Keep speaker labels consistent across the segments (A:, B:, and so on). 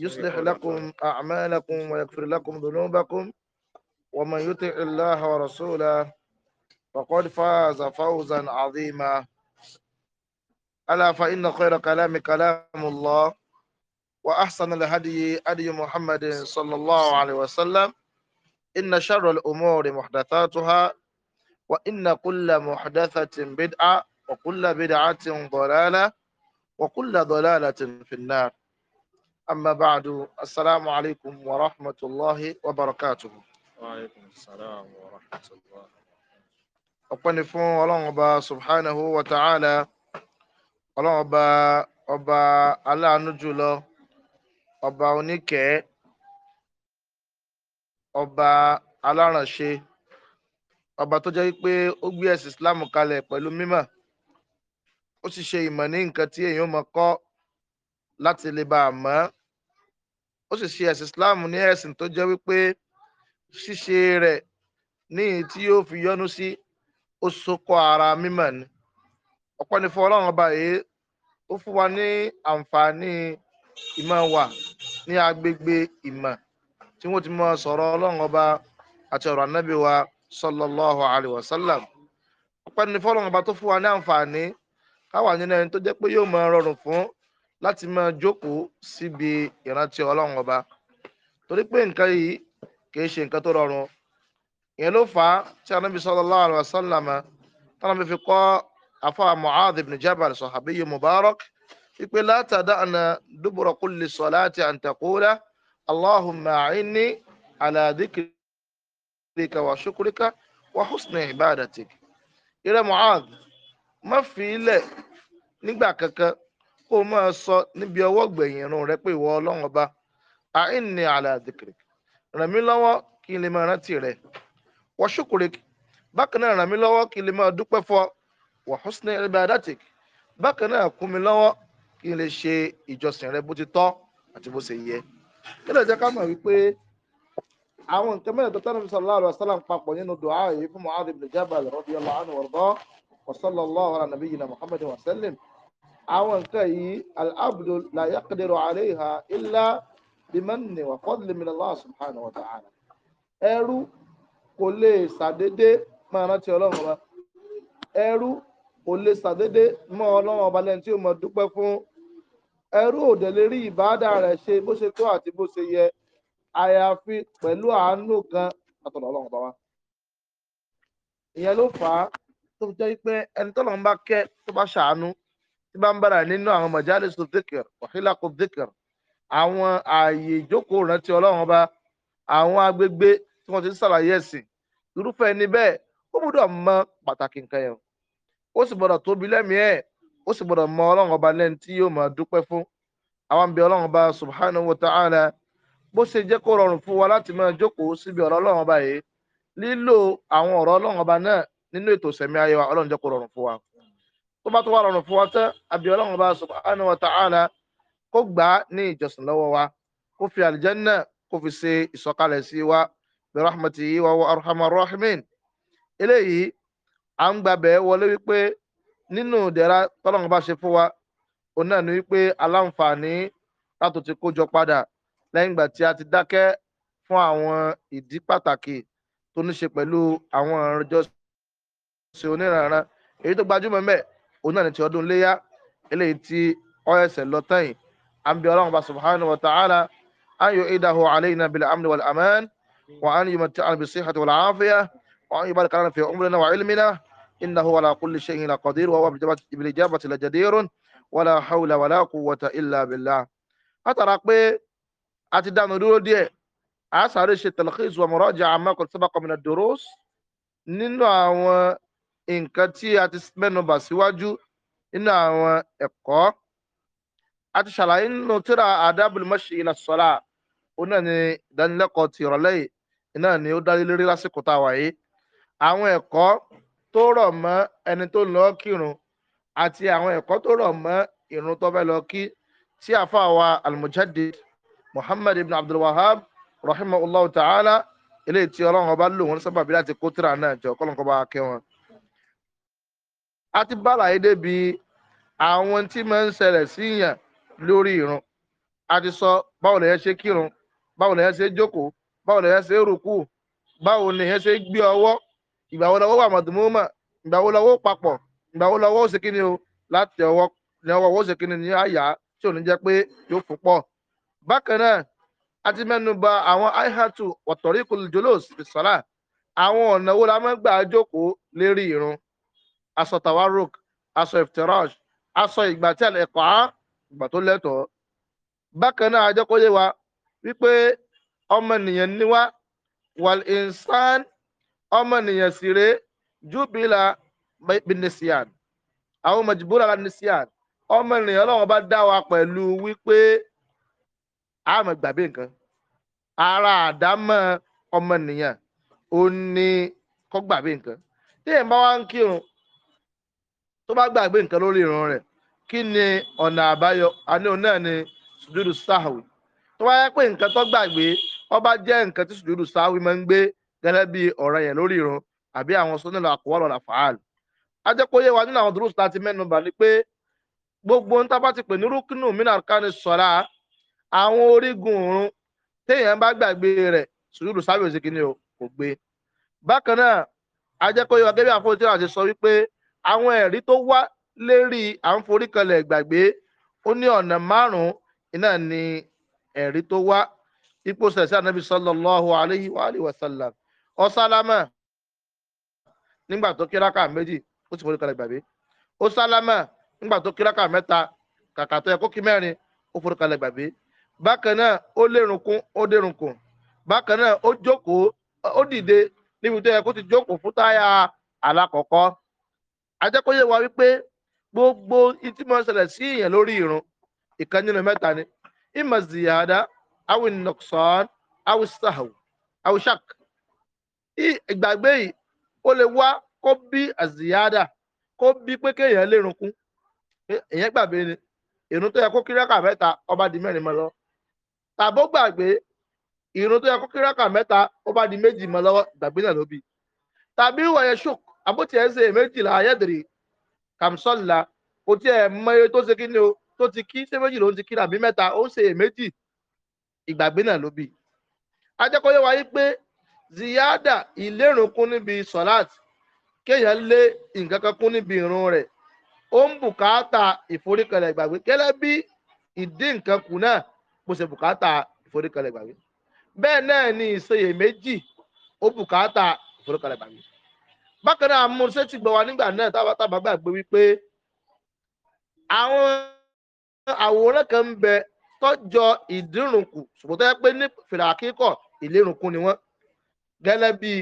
A: يصلح لكم أعمالكم ويغفر لكم ذنوبكم ومن يطع الله ورسوله فقد فاز فوزا عظيما ألا فإن خير كلام كلام الله وأحسن الهدي هدي محمد صلى الله عليه وسلم إن شر الأمور محدثاتها وإن كل محدثة بدعة وكل بدعة ضلالة وكل ضلالة في النار أما بعد السلام عليكم ورحمة الله وبركاته وعليكم السلام ورحمة الله ọpẹ́ni fún ọlọ́run ọba subhanahu wa ta'ala ọlọ́run ọba ọba aláàánú jùlọ ọba oníkẹ́ ọba alárànṣe ọba tó jẹ́ pé ó gbé ẹ̀sìn islam kalẹ̀ pẹ̀lú mímọ̀ ó sì ṣe ìmọ̀ ní nǹkan tí èèyàn mọ̀ kọ́ láti lè bá a mọ̀ ó sì ṣe ẹ̀sìn islam ní ẹ̀sìn tó jẹ́ wípé ṣíṣe rẹ̀ ní èyí tí yóò fi yọ́nú sí ó sokọ ara mímọ̀ ni ọ̀pọ̀ ni fún ọlọ́run ọba yìí ó fún wa ní àǹfààní ìmọ̀ wa ní agbègbè ìmọ̀ tí wọ́n ti mọ sọ̀rọ̀ ọlọ́run ọba àti ọ̀rọ̀ anábì wa sallallahu alaihi wasallam ọ̀pọ̀ ni fún ọlọ́run ọba tó fún wa ní àǹfààní káwa nínú ẹni tó jẹ́ pé yóò máa rọrùn fún láti máa jókòó síbi ìrántí ọlọ́run ọba torí pé nǹkan yìí kì í ṣe nǹkan tó rọrùn ìyẹn ló fà á tí anábì sallallahu alaihi wasallam tánàbí fi kọ́ afọ́ Mu'adh ibn Jabal sahabiyyu mubarak wípé la tada'na dubura kulli salati an taqula allahumma a'inni ala dhikrika wa shukrika wa husni ibadatik. ìrẹ́ Mu'adh má fi ilẹ̀ nígbà kankan kó o máa sọ níbi ọwọ́ gbẹ̀yìn irun rẹ pé ìwọ ọlọ́run ọba àìní àlà dhikrik ràn mí lọ́wọ́ kí n lè máa rántí rẹ wa shukrik bákan náà ràn mí lọ́wọ́ kí n lè máa dúpẹ́ fọ wa husni bákan náà kún mi lọ́wọ́ kí n lè ṣe ìjọsìn rẹ bó ti tọ́ àti bó ṣe yẹ kí ló jẹ́ ká mọ̀ wípé àwọn nǹkan mẹ́rin tó tẹ́lẹ̀ àwọn nǹkan yìí al-abdu la yaqdiru alayha illa bimanni wa fadli min Allah subhanahu wa ta'ala ẹrú kò lè ṣàdédé máa rántí ọlọ́run ọba ẹrú kò lè ṣàdédé mọ́ ọlọ́run ọba lẹ́ni tí ó mọ dúpẹ́ fún ẹrú ò dẹ̀ lè rí ìbáàdà rẹ̀ ṣe bó ṣe tó àti bó ṣe yẹ àyàfi pẹ̀lú àánú kan látọ̀dọ̀ ọlọ́run ọba wa ìyẹn ló fà á tó jẹ́ pé ẹni tọ́lọ́run bá kẹ́ tó bá ṣàánú tí bá ń bára nínú àwọn majalisu dhikr wa hilaqu dhikr àwọn ààyè ìjókòó rántí ọlọ́run ọba àwọn agbègbè tí wọ́n ti ń ṣàlàyé ẹ̀sìn irúfẹ́ ẹni bẹ́ẹ̀ ó gbọ́dọ̀ mọ pàtàkì nǹkan yẹn ó sì gbọ́dọ̀ tóbi lẹ́mìí ẹ̀ ó sì gbọ́dọ̀ mọ ọlọ́run ọba lẹ́ni tí yóò máa dúpẹ́ fún àwọn àbí ọlọ́run ọba subhanahu wa ta'ala bó ṣe jẹ́ kó rọrùn fún wa láti máa jókòó síbi ọ̀rọ̀ ọlọ́run ọba yìí lílo àwọn ọ̀rọ̀ ọlọ́run ọba náà nínú ètò ìsẹ̀mí ayé wa ọlọ́run jẹ́ kó rọrùn fún wa tó bá tó wà rọrùn fún wa tán àbí ọlọ́run ọba subhanahu wa ta'ala kó gbà á ní ìjọsìn lọ́wọ́ wa kó fi àlìjẹ́nà kó fi ṣe ìsọ̀kalẹ̀ sí wa bi rahmatihi wa wa arhamar rahimin eléyìí à ń gbàbẹ̀ wọlé wípé nínú ìdẹ̀ra tọ́lọ́run ọba ṣe fún wa òun náà ni wípé aláǹfààní látò ti kójọ padà lẹ́yìn ìgbà tí a ti dákẹ́ fún àwọn ìdí pàtàkì tó ní ṣe pẹ̀lú àwọn ìrìnàjò ṣe oníranran èyí tó gbajúmọ̀ mẹ́ẹ̀ òun náà ní ti ọdún léyà eléyìí tí ó ẹsẹ̀ lọ tẹ̀yìn àǹbí ọlọ́run bá subhanahu wa ta'ala an yu'idahu alayna bil amni wal aman wa an yumatti'ana bis sihhati wal afiyah wa an yubarik lana fi umrina wa ilmina innahu ala kulli shay'in qadir wa huwa bil ijabati la jadirun wala hawla wala quwwata illa billah látara pé a ti dánu dúró díẹ̀ a sáré ṣe talkhis wa muraja'a ma qad sabaqa min ad-durus nínú àwọn nǹkan tí a ti mẹ́nubà síwájú nínú àwọn ẹ̀kọ́ a ti ṣàlàyé nínú tíra adabul mashi ila sọlá ó náà ni ìdánilẹ́kọ̀ọ́ ti ìrọ̀lẹ́ yìí náà ni ó dálé lérí lásìkò tá a wà yìí àwọn ẹ̀kọ́ tó rọ̀ mọ́ ẹni tó lọ kírun àti àwọn ẹ̀kọ́ tó rọ̀ mọ́ ìrun tó fẹ́ lọ kí tí àfa wa almujaddid muhammad ibn abdul wahab ta'ala eléyìí tí ọlọ́run ọba lò wọ́n sábàbí láti kó tíra náà jọ kọ́lọ́nkọ́ bá kẹ́ wọn a ti bàlàyé débi àwọn tí máa ń ṣẹlẹ̀ síyàn lórí ìrun a ti sọ báwo lè yẹn ṣe kírun báwo lè yẹn ṣe jókòó báwo lè yẹn ṣe rúkú báwo lè yẹn ṣe gbé ọwọ́ ìgbà wo lọ́wọ́ wà mọ̀tòmọ́mọ́ ìgbà wo lọ́wọ́ papọ̀ ìgbà wo lọ́wọ́ ṣe kí ni o láti ọwọ́ ní ọwọ́ ṣe kí ni ní àyà tí ò ní jẹ́ pé yóò fún pọ̀ bákan náà a ti mẹ́nu ba àwọn aihatu ọ̀tọ̀ríkùl jólóòsì fi sọ́lá àwọn ọ̀nà wo la máa ń gbà jókòó lérí ìrun aṣọ tawaruk aṣọ iftirash aṣọ ìgbà tí àlẹ́kọ̀ọ́ á ìgbà tó lẹ́tọ̀ọ́ bákan náà ajẹ́kọ́yé wa wípé ọmọnìyàn ni wá wal insan ọmọnìyàn sì rèé júbìlà bìnìsíàn àwọn mọ̀jìbúrà bìnìsíàn ọmọ ènìyàn ọlọ́run bá dá wa pẹ̀lú wípé a máa gbàgbé nǹkan ara àdámọ́ ọmọ ènìyàn ó ní kó gbàgbé nǹkan tí èèyàn bá wá ń kírun tó bá gbàgbé nǹkan lórí ìrun rẹ kí ni ọ̀nà àbáyọ àníhùn náà ni sùdúrù sáhùn tó bá yẹ pé nǹkan tó gbàgbé ọba jẹ́ nǹkan tí sùdúrù sáhùn máa ń gbé gẹ́gẹ́ bí ọ̀rọ̀ yẹn lórí ìrun àbí àwọn sunnah al-aqwal wal wa nínú àwọn dúró sùtá ti pé gbogbo ń tábà ti pè ní rúkínù mínà kánì sọ̀rá àwọn orígun téèyàn bá gbàgbé rẹ̀ sùdúrù gbé bákan náà wa gẹ́gẹ́ bí àfọwọ́tí àwọn ẹ̀rí tó wá lérí à ń foríkanlẹ̀ gbàgbé ó ní ọ̀nà márùn-ún iná ni ẹ̀rí tó wá ipò sẹ̀sẹ̀ ànábì sallallahu alayhi wa alihi wa sallam ó nígbà tó méjì ó sì gbàgbé nígbà tó mẹ́ta kàkà tó yẹ kó kí mẹ́rin ó gbàgbé bákan náà ó lérunkún ti jókòó ajẹ́kọ́yé wa wípé gbogbo ìtí máa ṣẹlẹ̀ sí èèyàn lórí irun ìkan nínú mẹ́ta ni ìmọ̀ ziyada awin nọ̀ksán awisahu awishak ìgbàgbé yìí ó lè wá kó bí àzìyáda kó bí pé kéèyàn lè runkún èèyàn gbàgbé ni tó yẹ kó kíráka mẹ́ta ọba di mẹ́rin mọ́ tàbó gbàgbé tó yẹ kó kíráka mẹ́ta ọba di méjì mọ́ lọ́wọ́ gbàgbé náà tàbí shok. àbótí ẹ̀ ṣe méjìlá ayẹ́dìrì kàmsọ́là kò tí ẹ̀ mọ iye tó ṣe kí ni o tó ti kí ṣé méjì ló ń ti kí nàbí mẹ́ta ó ṣe èméjì ìgbàgbé náà ló bì í. ajẹ́kọ̀ọ́ wáyé pé ziyada ìlérùnkún níbi sọ́láàtì kéèyàn lé nǹkan kan kún níbi ìrun rẹ̀ ó ń bùkátà ìforíkalẹ̀ ìgbàgbé gẹ́lẹ́ bí ìdí nǹkan kù náà kò ṣe bùkátà ìforíkalẹ̀ ìgbàgbé bẹ́ẹ̀ náà ni ìṣeyèméjì ó bùkátà ìforíkalẹ̀ ìgbàgbé bákan náà amúnṣe ti gbọ́ wa nígbà náà tábàtàbà gbàgbé wípé àwọn àwòrán kan ń bẹ tọjọ ìdírùnkù ṣùgbọ́n tó yẹ pé ní fìlà ìlérùnkù ni wọ́n gẹ́lẹ́ bí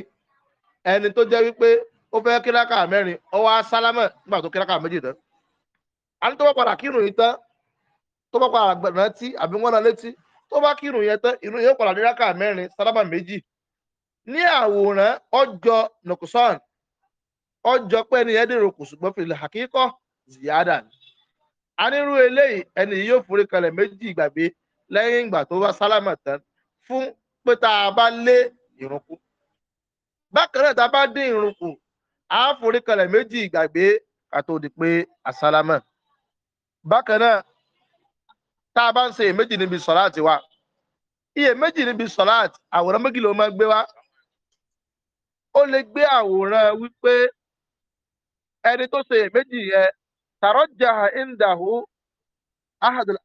A: ẹni tó jẹ́ wípé ó fẹ́ kíráka mẹ́rin ọwọ́ sálámà nígbà tó méjì tán a ní tó bá padà kírun yìí tán tó bá padà gbẹ̀rẹ̀ rántí àbí wọ́n náà létí tó bá kírun ọjọ́ pé ẹni yẹn dèrò kù ṣùgbọ́n fìlà àkíkọ́ ziyada ni anírú eléyìí ẹni yìí yóò forí kalẹ̀ méjì ìgbàgbé lẹ́yìn ìgbà tó bá sálámà tán fún pé tá a bá lé ìrun bákan náà tá a bá dín ìrun a forí kalẹ̀ méjì ìgbàgbé di pé àsálámà bákan náà tá ẹni tó ṣe èméjì yẹn tàrọ́jà ìndàhù ahadul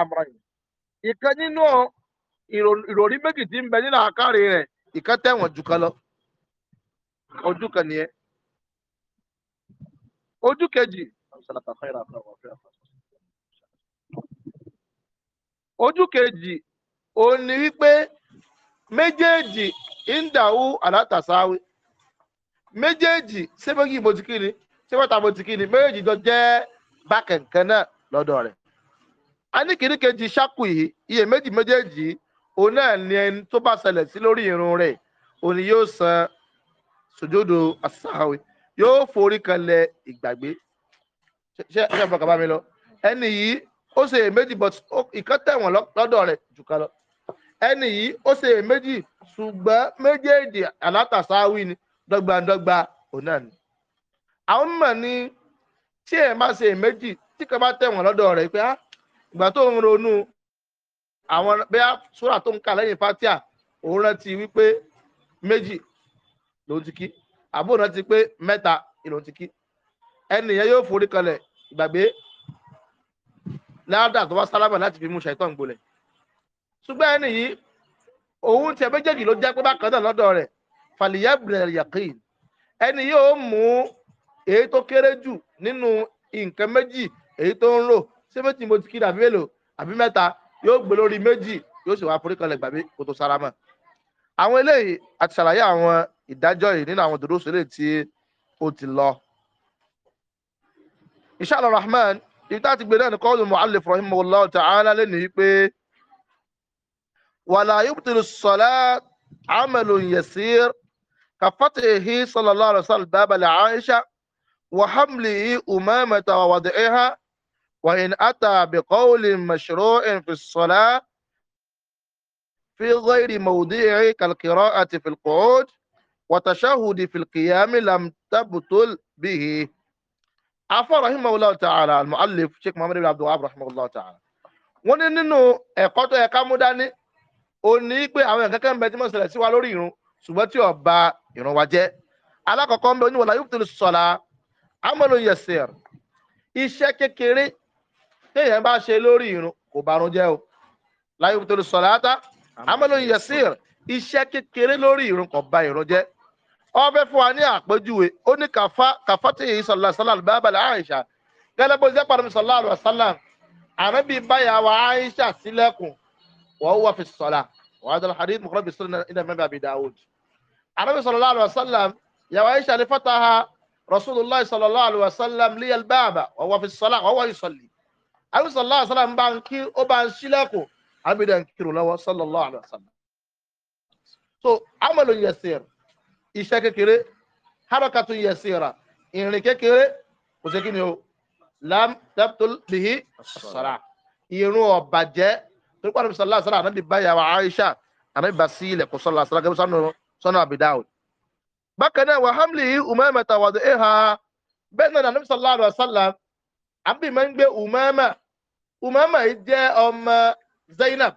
A: amrayin ìkan nínú ìròrí méjì tí ń bẹ nínú àkárí rẹ̀ ìkan tẹ̀wọ̀n jù kan lọ ojú kan nìyẹn ojú kejì ojú kejì òun ni wípé méjèèjì ìndàhù méjèèjì sẹ́fẹ́gì mo ti kí ni sẹ́fẹ́ta mo ti kí ni méjèèjì jọ jẹ́ bákẹ̀ǹkẹ́ náà lọ́dọ̀ rẹ̀. a ní kìíní kejì ṣákù yìí iye méjì méjèèjì òun náà ni ẹni tó bá ṣẹlẹ̀ sí lórí irun rẹ̀ òun ni yóò san sùjúdù àṣàwì yóò forí kanlẹ̀ ìgbàgbé ṣé ṣé àfọkà bá mi lọ ẹni yìí ó ṣe èméjì but ìkan tẹ̀wọ̀n lọ́dọ̀ rẹ̀ jù kan lọ ẹni yìí ó ṣe èméjì ṣùgbọ́n méjèèjì alátàsáwì ni dọ́gbandọ́gba òun náà ni. àwọn mọ̀ ní tí ẹ̀ má ṣe méjì tí kan bá tẹ̀wọ̀n lọ́dọ̀ rẹ̀ pé á ah, ìgbà tó ń ronú àwọn bẹ́ẹ̀ sóra tó ń kà lẹ́yìn fatia òun rántí wípé méjì ló ti kí àbó rántí pé mẹ́ta ló ti kí ẹnìyẹn yóò forí kalẹ̀ ìgbàgbé ládàá tó wá sálámà láti fi mú ṣàìtàn gbolẹ̀ ṣùgbọ́n ẹni òun tiẹ̀ méjèèjì ló jẹ́ pé bákan náà lọ́dọ̀ rẹ̀ fàlìyàbìrẹ̀ yàkín ẹni yóò mú èyí tó kéré jù nínú nǹkan méjì èyí tó ń rò ṣé méjì mo ti kiri àbí mélòó àbí mẹ́ta yóò gbé lórí méjì yóò sì wá foríkanlẹ̀ gbàgbé kó tó sára mọ́. àwọn eléyìí àti ṣàlàyé àwọn ìdájọ́ yìí nínú àwọn dòdòsó eléyìí tí ó ti lọ. inshallah rahman ibi tá a ti gbé náà ní kọ́ọ̀lù mu'allif rahimahullah ta'ala lẹ́nu yìí pé wala yubtilu as-salat amalun كفتحه صلى الله عليه وسلم باب لعائشة وحمله أمامة ووضعها وإن أتى بقول مشروع في الصلاة في غير موضعه كالقراءة في القعود وتشهد في القيام لم تبطل به عفا رحمه الله تعالى المؤلف شيخ محمد بن عبد الوهاب رحمه الله تعالى wọ́n ní nínú ẹ̀kọ́ tó yẹ ká mú dání òní pé àwọn nǹkan kan bẹ tí mo ṣẹlẹ̀ sí wa lórí irun ṣùgbọ́n tí ó ìrun wa jẹ́ alákọ̀ọ́kọ́ ń bẹ oníwọ̀lá yóò tún sọ̀la amọ̀lò yẹsẹ̀r iṣẹ́ kékeré téèyàn bá ṣe lórí ìrun kò bàrún jẹ́ o láyé tún sọ̀la ata amọ̀lò yẹsẹ̀r iṣẹ́ kékeré lórí ìrun kò bà ìrun jẹ́ ọbẹ̀ fún wa ní àpéjúwe ó ní kàfá kàfá tí yìí sọ̀lá sọ̀lá bàbàlẹ̀ àìsà gẹ́lẹ́ bó jẹ́ pàdánù sọ̀lá àlọ́ sọ̀lá àrẹ́bí báyà wa àìsà sílẹ̀kùn wọ́n wà fi sọ̀lá wàá hadith mọ̀kànlá bí sọ̀rọ̀ iná mẹ́bàá bí dáwọ́dù anábì sallallahu alaihi wasallam ìyàwó aisha ní fataha rasulullah sallallahu alaihi wasallam li albaaba wa huwa fi salat wa huwa yusalli anábì sallallahu alaihi wasallam bá ń kí ó bá ń sílẹ̀kùn anábì ń kírun lọ́wọ́ sallallahu alaihi so amalu yasir iṣẹ́ kékeré harakatu yasira ìrìn kékeré kò sí kí ni o lam tabtul bihi as-sala irun ọ̀bàjẹ́ tó pàdé sallallahu alaihi wasallam anábì bá yàwó aisha anábì bá sílẹ̀ kò sallallahu alaihi wasallam sọ́nà Abi Daud bákan náà wà hamli umama tàwádìí ẹ̀ha bẹ́ẹ̀ náà nàní sallallahu alaihi wasallam àbí máa ń gbé umama umama yìí jẹ́ ọmọ zainab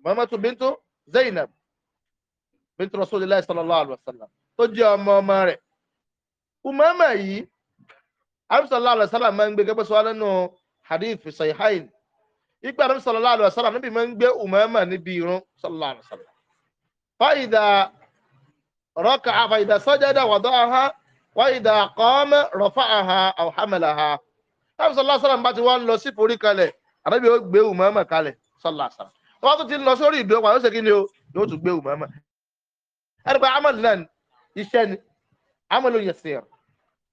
A: umama tó bintu zainab bintu rasulillah sallallahu alaihi wasallam tó jẹ́ ọmọ ọmọ rẹ̀ umama yìí àbí sallallahu alaihi wasallam máa ń gbé gẹ́gẹ́ sọ́wọ́ nínú hadith sahihain ìgbà àbí sallallahu alaihi wasallam níbi máa ń gbé umama níbi irun sallallahu alaihi wasallam rọ́kà àfàìdà sọ́jádà wàdọ́ àhá wàìdà kọ́ọ́mẹ́ rọ̀fà àhá àwòhámẹ́lá àhá tábí sọlá sàlám bá ti wá ń lọ sí forí kalẹ̀ àbẹ́bí ó gbé Umama kalẹ̀ sọlá sàlám tó bá tún ti ń lọ sórí ìdó wà ó ṣe kí ni o yóò tún gbé Umama ẹni pé amal náà ni iṣẹ́ ni amal ló yẹ sí ẹ̀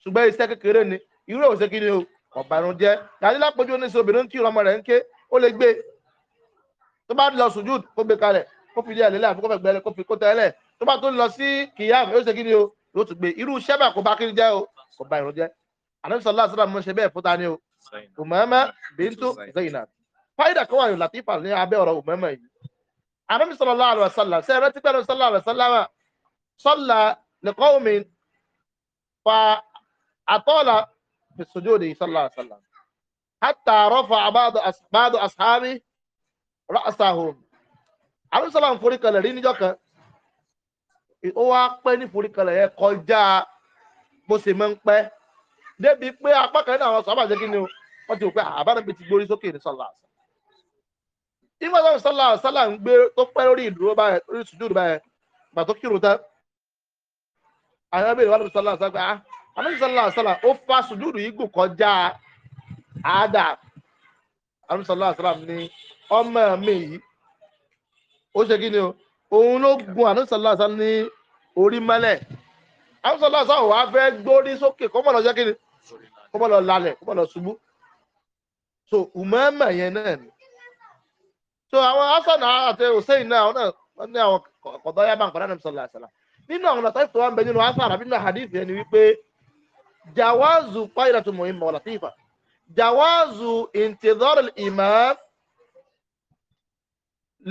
A: ṣùgbọ́n iṣẹ́ kékeré ni irú ẹ̀ ò ṣe kí ni o ọ̀bànújẹ́ dàdí lápòjú oníṣẹ́ obìnrin tí ọmọ rẹ̀ ń ké ó lè gbé tó bá lọ sùjúd kó gbé kalẹ̀ kó fi ilé ẹ̀ lélẹ̀ àfi kó fẹ́ gbẹ́lẹ̀ kó fi kó tẹ́lẹ̀ tó bá tó lọ sí kìyàmù yóò ṣe kí ni o yóò tún gbé irú iṣẹ́ bá kò bá kí ni jẹ́ o kò bá ìrún jẹ́ anabi sallallahu alaihi wasallam ṣe bẹ́ẹ̀ fúta ni o umama bintu zainab fáyidà kan wà ní latifa ní abẹ́ ọ̀rọ̀ umama yìí anabi sallallahu alaihi wasallam ṣe ẹrẹ tipẹ́ sallallahu alaihi wasallam salla li qaumin fa atala fi sujudi sallallahu alaihi wasallam hatta rafa'a ba'du ashabi ra'sahum anabi sallallahu alaihi wasallam forí kalẹ̀ rí ó wá pẹ́ níforíkalẹ̀ yẹn kọjá bó ṣe máa ń pẹ́ débi pé apá kan náà àwọn sọ àbàjẹ́ kí ni o wọ́n ti rò pé àbánabi ah, ti gbórí sókè ní sọ́lá àṣà ìgbà tó sọ́lá àṣà là ń gbé tó pẹ́ lórí ìdúró báyẹn lórí sùdúrù báyẹn gbà tó kírun tán àwọn ẹbí ìwádìí sọ́lá àṣà pé ah àbájẹ́ sọ́lá àṣà là ó fa sùdúrù yìí gùn kọjá àádà àbájẹ́ sọ́lá àṣà là ní ọmọ mi yìí ó ṣe kí ni o òun ló gun ànúsàlásà ní orí mẹ́lẹ̀ ànúsàlásà ò wá fẹ́ gbórí sókè kọ́mọ̀ lọ jẹ́kiri kọ́mọ̀ lọ lálẹ̀ kọ́mọ̀ lọ ṣubú so ùmọ́ẹ̀mẹ̀ yẹn náà ni so àwọn hasan àti hussein náà náà wọ́n ní àwọn kọ̀dọ̀ yá báńkọ̀ náà sọ̀rọ̀ àṣàlà nínú àwọn ọ̀nà tó wà ń bẹ nínú hasan àbí nínú hadith yẹn ni wípé jawazu fáyìlà tó mọ̀ ìmọ̀ jawazu intidhar al-imam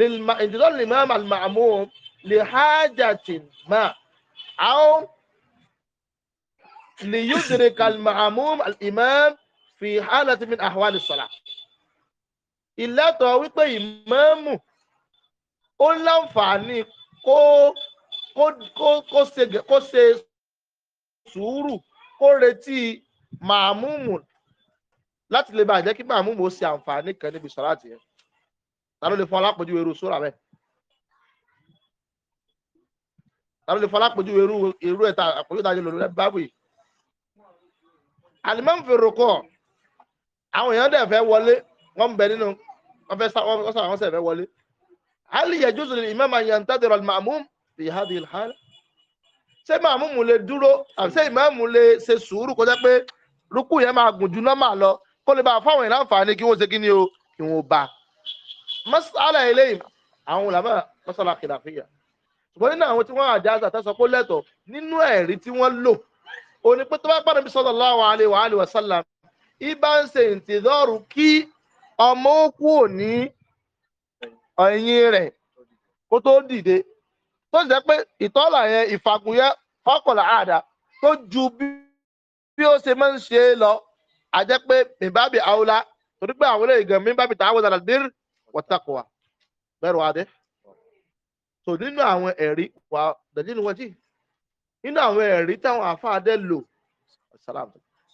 A: انتظار الإمام المعموم لحاجة ما أو ليدرك المعموم الإمام في حالة من أحوال الصلاة ìlẹ́tọ̀ wípé ìmáàmù ó láǹfààní kó kó kó ṣe kó ṣe sùúrù kó retí màmúmù láti lè bàjẹ́ kí màmúmù ó ṣe àǹfààní kan níbi sọ́láàtì yẹn ta ló lè fún alápòjú eru sóra bẹ́ẹ̀ ta ló lè fún alápòjú eru eru ẹ̀ta àpòjú ìdájọ́ lòlú rẹ̀ báwì alimami fèrè kọ́ àwọn èèyàn dẹ̀ fẹ́ wọlé wọ́n ń nínú wọ́n fẹ́ sáwọn wọ́n sẹ̀ fẹ́ wọlé hali yẹ jùsùn ní imam ayantadiro al-ma'mum fi hadi al-hal ṣé màmúmù lè dúró àbí ṣé ìmáàmù lè ṣe sùúrù kọjá pé rúkú yẹn máa gùn ju nọ́mà lọ kó lè bá fáwọn ìlànà àǹfààní kí wọ́n ṣe kí ni o ìwọ̀n bá a masala eléyìí àwọn ulama masala khilafiyya ṣùgbọ́n nínú àwọn tí wọ́n àjáza tó sọ pé lẹ́tọ̀ nínú ẹ̀rí tí wọ́n lò ó ní pé tó bá pàdé sallallahu alaihi wa alihi wa sallam ibà ń ṣe ìtìdọ́rù kí ọmọ kú ní ẹ̀yìn rẹ̀ kó tó dìde tó sì jẹ́ pé ìtọ́là yẹn ìfàgùn yẹn ọkọ̀lá àdá tó ju bí ó ṣe máa ń ṣe é lọ àjẹ́ pé mìbábi àwòlá torí pé àwọn ilé ìgàn mìbábi tààwọ̀ dàdàdìrì wọ́tàkùwà bẹ́ẹ̀rù adé so nínú àwọn ẹ̀rí wà dẹ̀jínú wọ́jì nínú àwọn ẹ̀rí táwọn àáfàá dẹ̀ lò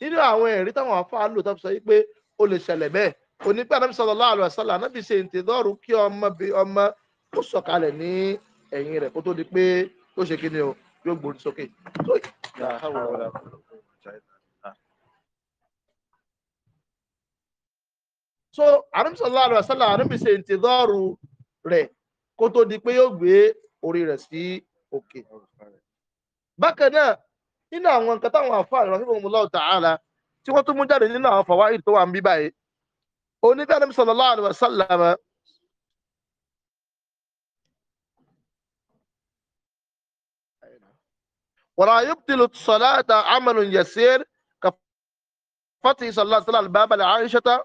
A: nínú àwọn ẹ̀rí táwọn àáfàá lò tó sọ yìí pé ó lè ṣẹlẹ̀ bẹ́ẹ̀ onígbà náà sallallahu alaihi wasallam náà fi ṣe ìtẹ̀dọ́rù kí ọmọ bí ọmọ ó sọ̀kalẹ̀ ní ẹ̀yìn rẹ̀ kó tó di pé ó ṣe kí ni o yóò gbòòrò sókè. so ànábì sallallahu alaihi wasallam ànábì ṣe ìtìdọ́rù rẹ̀ kó tó di pé yóò gbé orí rẹ̀ sí òkè bákan náà nínú àwọn nǹkan táwọn àfáà rahimahumullahu ta'ala tí wọ́n tún mú jáde nínú àwọn fàwáì tó wà ń bí báyìí oníbẹ̀ ànábì sallallahu alaihi wasallam ولا يبطل الصلاة عمل يسير كفتح صلى الله عليه وسلم باب العائشة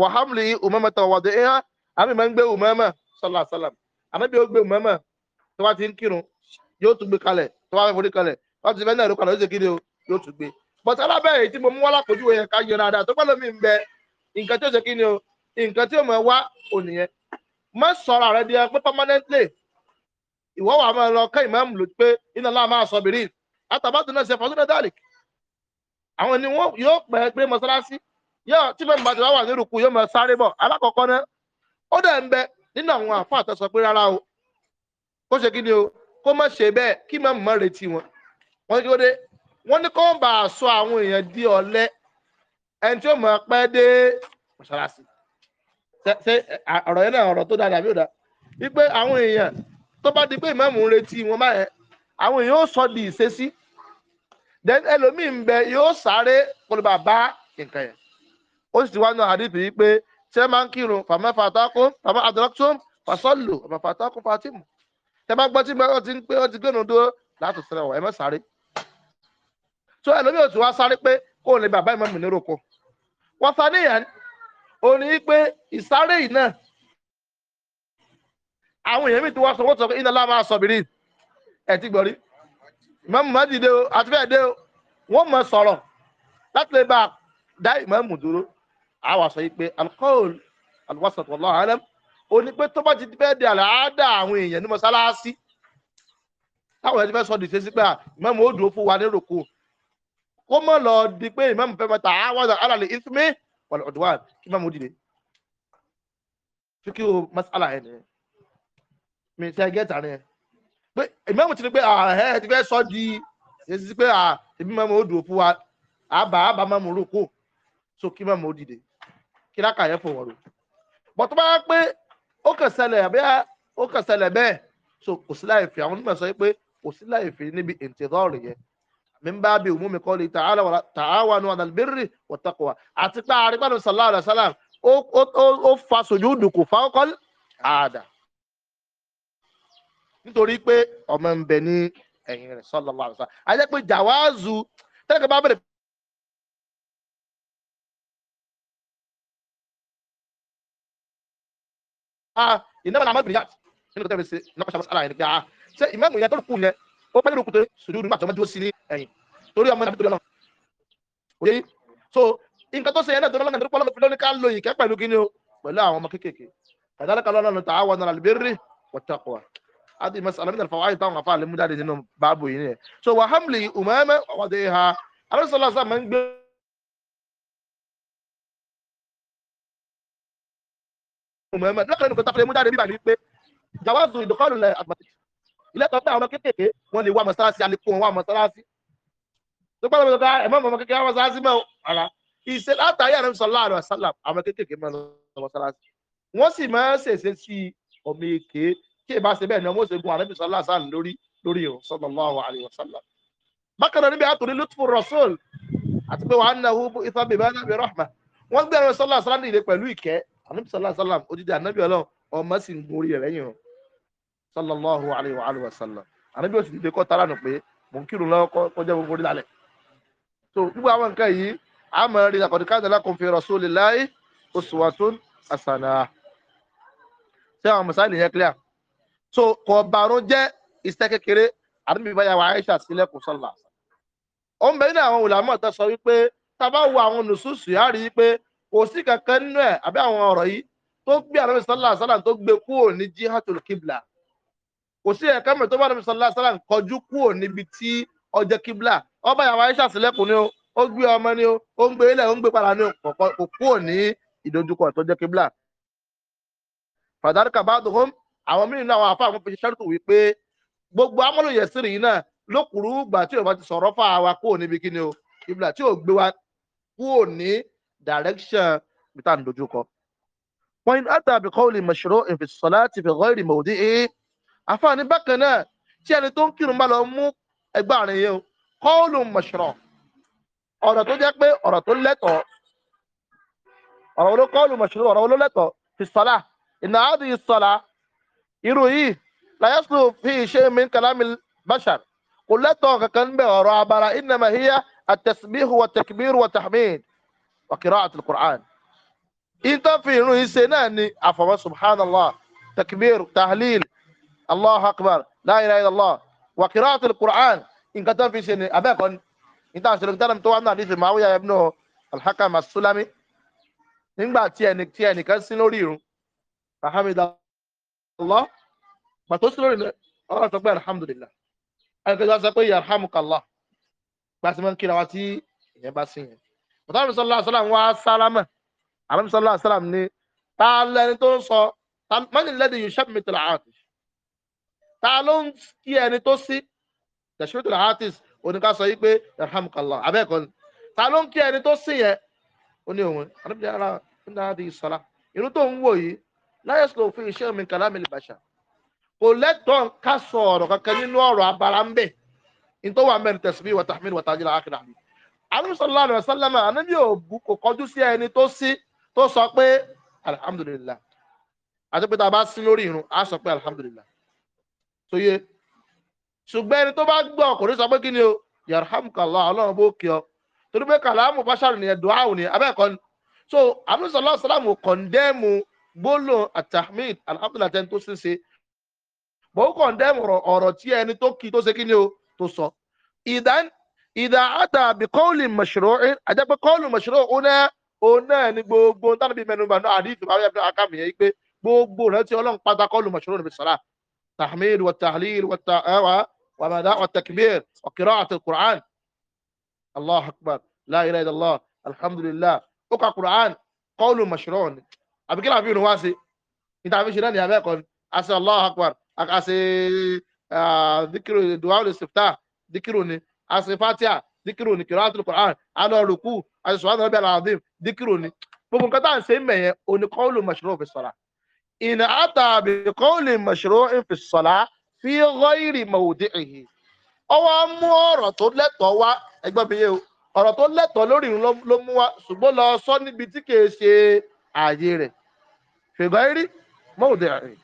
A: wàhámlì umamata wàdé ẹ̀hán àmì máa ń gbé umama sallallahu alaihi wasallam ànábì ó gbé umama tó bá ti ń kírun yóò tún gbé kalẹ̀ tó bá fẹ́ forí kalẹ̀ tó bá ti fẹ́ náà ló kalẹ̀ ó sì kí ni o yóò tún gbé bọ̀tá alábẹ́ èyí tí mo mú wá lápòjúwe yẹn ká yọ dáadáa tó gbọ́dọ̀ mi ń bẹ nǹkan tí ó ṣe o nǹkan tí ó mọ̀ wá ònìyẹn má sọ̀rọ̀ rẹ di pé permanently ìwọ́ wà máa lọ kẹ́ ìmáàmù ló pé iná láà máa sọ bìrì àtàbátù náà ṣe fọ́sùn náà dálì àwọn ni wọ́n yóò pẹ́ pé mọ́sálásí yóò tí mẹ́rin bá ti wá wà ní rúkú yóò máa sáré bọ̀ alákọ̀ọ́kọ́ náà ó dẹ̀ ń bẹ nínú àwọn àfáà tó pé rárá o kó ṣe kí ni o kó má ṣe bẹ́ẹ̀ kí má mọ̀ retí wọn wọ́n ní kí ó dé wọ́n ní kó bá a sọ àwọn èèyàn di ọ̀lẹ ẹni tí ó mọ̀ pẹ́ dé mọ́ṣáláṣí ṣe ọ̀rọ̀ yẹn náà ọ̀rọ̀ tó dáadáa mi ò dá wípé àwọn èèyàn tó bá di pé ìmáàmù ń retí wọn báyẹn àwọn èèyàn ó sọ di ìṣesí then ẹlòmíín bẹ yóò sáré kó lè bá bá nǹkan yẹn ó sì ti wá náà àdìpì yìí pé tẹ́ máa ń kírun fàmọ́ fàtákùn fàmọ́ àdọ́tún fàsọ́lù fàmọ́ fàtákùn fàtímù tẹ́ bá gbọ́ tí mo ti ń pé ó ti gbẹ̀rù dúró láti sẹ́rẹ̀ wọ̀ ẹ mọ́ sáré tó ẹlòmíì ò tún wá sáré pé kó o lè bàbá ìmọ̀ mi ní roko wọ́n sá níyàn ò ní pé ìsáré yìí náà àwọn èèyàn mi ti wá sọ wọ́n sọ pé iná láwọn asọ̀bìrì ẹ̀ ti gbọ́ rí ìmọ̀mù má dìde o àti bẹ́ẹ̀ dé o wọ́n mọ̀ sọ̀rọ̀ láti lè bá a dá ìmọ̀mù dúró a wà sọ yìí pé alkohol alwasat wallahu alam ó ní pé tó bá ti fẹ́ di àlàáda àwọn èèyàn ní mọ́sálásí táwọn ẹni fẹ́ sọ dìṣe sí pé ìmáàmù ah, ó dúró fún wa ní kó mọ̀ lọ di pé ìmáàmù fẹ́ mọ́ta àwọn alàlẹ́ ìsinmi wal udwan kí ìmáàmù dìde fi kí o masala yẹn ni mi ṣe gẹ́tà ni pé ìmáàmù ti ní pé ah, ẹ ti fẹ́ sọ di ṣe sí pé ìmáàmù ah, ó dúró fún wa àbá àbá máàmù rògbò so kí ìmáàmù ó dìde kí láka yẹn fò wọ̀rọ̀ bọ̀ tó bá yá pé ó kàn ṣẹlẹ̀ àbí ó kàn ṣẹlẹ̀ bẹ́ẹ̀ so kò sí láì fi àwọn onímọ̀ sọ pé kò sí láì fi níbi ìtìdọ́ọ̀rì yẹn mi ń bá bí òmùmí kọ́ lè tààwánu àdàlbírì wọ̀tàkùwà àti pé àrígbàdo sàlá àdà sàlá ó fa sùjúdù kò fa àdà nítorí pé ọmọ ń bẹ ní ẹ̀yìn rẹ̀ sọ́lọ́lá àdà sàlá àjẹ́ jàwáàzù tẹ́lẹ̀ bá bẹ̀rẹ̀ ah ìnáwó náà mọ́bìnrin yàtì nínú tẹ́lẹ̀ sí nọ́pàṣà mọ́sá ara yẹn pé ah ṣé ìmáàmù yẹn tó kù yẹn ó pẹ́ lóko tó sùdúrù nígbà tó ọmọ dúró sí ní ẹ̀yìn torí ọmọ náà torí ọlọ́run òye so nǹkan tó ṣe yẹn náà torí ọlọ́run torí ọlọ́run fi lóní ká lo ìkẹ́ pẹ̀lú kí ni o pẹ̀lú àwọn ọmọ kéékèèké kàdálẹ́ka lọ́run tó àwọn ọ̀nà àlùbẹ́rẹ́ wọ́tàkùwà àti ìmọ̀sálàmì náà fàwọn àyíká àwọn so wàhámlì ùmọ́ẹ́mẹ́ ọ̀wọ́dẹ́ ha Muhammad lọ́kàn nínú kọ́tà fúnlẹ̀mú jáde bíbá ni pé jawazu ìdókọ́lù lẹ̀ àgbàtì ilé tó pé àwọn kéékèèké wọn lè wá mọ́sálásí alẹ́kùn wọn wá mọ́sálásí tó pẹ́ lọ́mọdé ká ẹ̀mọ́ ọmọ kéékèèké wá mọ́sálásí mọ́ ara ìṣe látàrí àrẹ sallallahu alaihi wasallam àwọn kéékèèké máa lọ mọ́sálásí wọ́n sì máa ṣèṣe sí ọmọ èké kí ìbá ṣe bẹ́ẹ̀ ni ọmọ òṣègùn àrẹ́bí sallallahu alaihi lórí lórí ìrọ̀ sallallahu alaihi gbé ẹ̀rọ sallallahu alaihi wasallam pẹ̀lú ìkẹ́ anabi sallallahu alayhi wa sallam odidi anabi Ọlọ́run ọmọ sì ń gun orí rẹ̀ o sallallahu alayhi wa alayhi wa sallam anabi ó sì dìde kọ́ tara nù pé mò ń kírun lọ́wọ́ kọjá gbogbo orí lálẹ́ so gbogbo àwọn nǹkan yìí a máa rí laqad kana lakum fi rasulillahi uswatun hasanah ṣé àwọn mùsáìlì yẹn clear so kò bàrún jẹ́ iṣẹ́ kékeré àdúgbò ìbáyà wa Aisha sílẹ̀ kò sọ̀lá ó ń bẹ nínú àwọn olùdámọ̀ tó sọ wípé tá a bá wo àwọn nùsùsù yá rí i pé kò sí kankan nínú ẹ̀ àbí àwọn ọ̀rọ̀ yìí tó gbé ànábì sálà sálà tó gbé kúrò ní jihatul kibla kò sí ẹ̀ka mẹ́rin tó bá ànábì sálà sálà kọjú kúrò níbi tí ọjọ́ kibla ọba yàrá ayé ṣàṣìlẹ́kùn ni o ó gbé ọmọ ni o ó ń gbé ilẹ̀ ó ń gbé padà ni o kò kúrò ní ìdojúkọ ìtọ́jọ́ kibla fàdárìkà bá dùn hóm àwọn àwọn fi wípé gbogbo direction بتاع نلجوكم وإن أتى بقول مشروع في الصلاة في غير موضعه àfààní bákan náà tí ẹni tó ń kírun bá lọ mú ẹgbà rẹ̀ yẹn o kọ́ọ̀lù mashru' ọ̀rọ̀ tó jẹ́ pé ọ̀rọ̀ tó lẹ́tọ̀ọ́ ọ̀rọ̀ oló kọ́ọ̀lù mashru' ọ̀rọ̀ oló lẹ́tọ̀ọ́ fi salah inna hadhihi salah irú yìí la yaslu fihi shay'un min kalamil bashar kò lẹ́tọ̀ọ́ kankan bẹ́ ọ̀rọ̀ abara innama hiya at-tasbih wa takbir wa tahmid وقراءة القرآن إنت في نسنان أفهم سبحان الله تكبير تهليل الله أكبر لا إله إلا الله وقراءة القرآن إن كنت في سنة أباك إنت أشترك تلم توانا حديث ماوية ابن الحكم السلمي nígbà tí ẹnì tí ẹnì kan sí lórí irun alhamdulillah pàtó sí lórí ọlọ́run sọ pé alhamdulillah ẹnì kan sọ pé yarhamukallah gbàtí mọ́ bàtàbí sọlá sọlá wa sálámà àbábí sọlá sọlá ní ta lẹni tó ń sọ mọ́nì lẹ́dí yìí ṣẹ́pù mi tìlà àtìs ta ló ń kí ẹni tó sí ṣẹ́pù tìlà àtìs oníkà sọ yìí pé alhamdulillah abẹ́ẹ̀kọ́ ni ta ló ń kí ẹni tó sí yẹn ó ní òun àdébí ara ń dára di sọlá irú tó ń wò yìí láyé sọ òfin iṣẹ́ mi kàlámi lè bàṣà kò lẹ́tọ̀ọ́ ká sọ ọ̀rọ̀ kankan nínú ọ̀rọ̀ abara ń bẹ̀ ní tó wà mẹ́rin tẹ̀síbí wàtàmí wàtàjìlá àkìlà àbí anúṣọlá rẹ sálámà anábì òbu kò kọjú sí ẹni tó sí tó sọ pé alhamdulillah àti pé tá a bá sí lórí irun á sọ pé alhamdulillah tó yé ṣùgbọ́n ẹni tó bá gbọ́ kò ní sọ pé kí ni o yarhamukallah ọlọ́run bó kí ọ torí pé kàlámù báṣárù ni ẹ̀dùn áwù ni abẹ́ẹ̀kọ́ ni so anúṣọlá sálámù kọ̀ndẹ́mù gbólóhùn atahmid alhamdulillah tẹ́ni tó sì ṣe bó kọ̀ndẹ́mù ọ̀rọ̀ tí ẹni tó kí tó ṣe kí ni o tó sọ ìdán إذا أتى بقول مشروع أذا بقول مشروع هنا هنا نبغو نتابع منو بنا أديت بعيا بنا أكمل يعني بغو هل تقولون بعد قول مشروع بالصلاة تحميل والتحليل والت آه، وماذا والتكبير وقراءة القرآن الله أكبر لا إله إلا الله الحمد لله أقرأ القرآن قول مشروع أبي كلام فيه نواسي إنت عارف شنو يا بيكون أسأل الله أكبر أسأل آه، ذكر دعاء الاستفتاح ذكروني àṣẹ fatia díkìrò ní kìrọ àtúntò Quran alọ rùkú àṣẹ sùwádìí ọbẹ aláàdìm díkìrò ní gbogbo nǹkan tá à ń ṣe mẹyẹ oníkọọlù mọṣúrò fi sọlá ìnà àtàbí kọọlù mọṣúrò fi sọlá fi ghairi mawdi'ihi ọwọ́ mú ọ̀rọ̀ tó lẹ́tọ̀ọ́ wá ẹgbẹ́ mi yé o ọ̀rọ̀ tó lẹ́tọ̀ọ́ lórí ìrun ló mú wá ṣùgbọ́n lọ sọ níbi tí kìí ṣe ààyè rẹ̀ fìgbà rí mọ́wòdì rẹ̀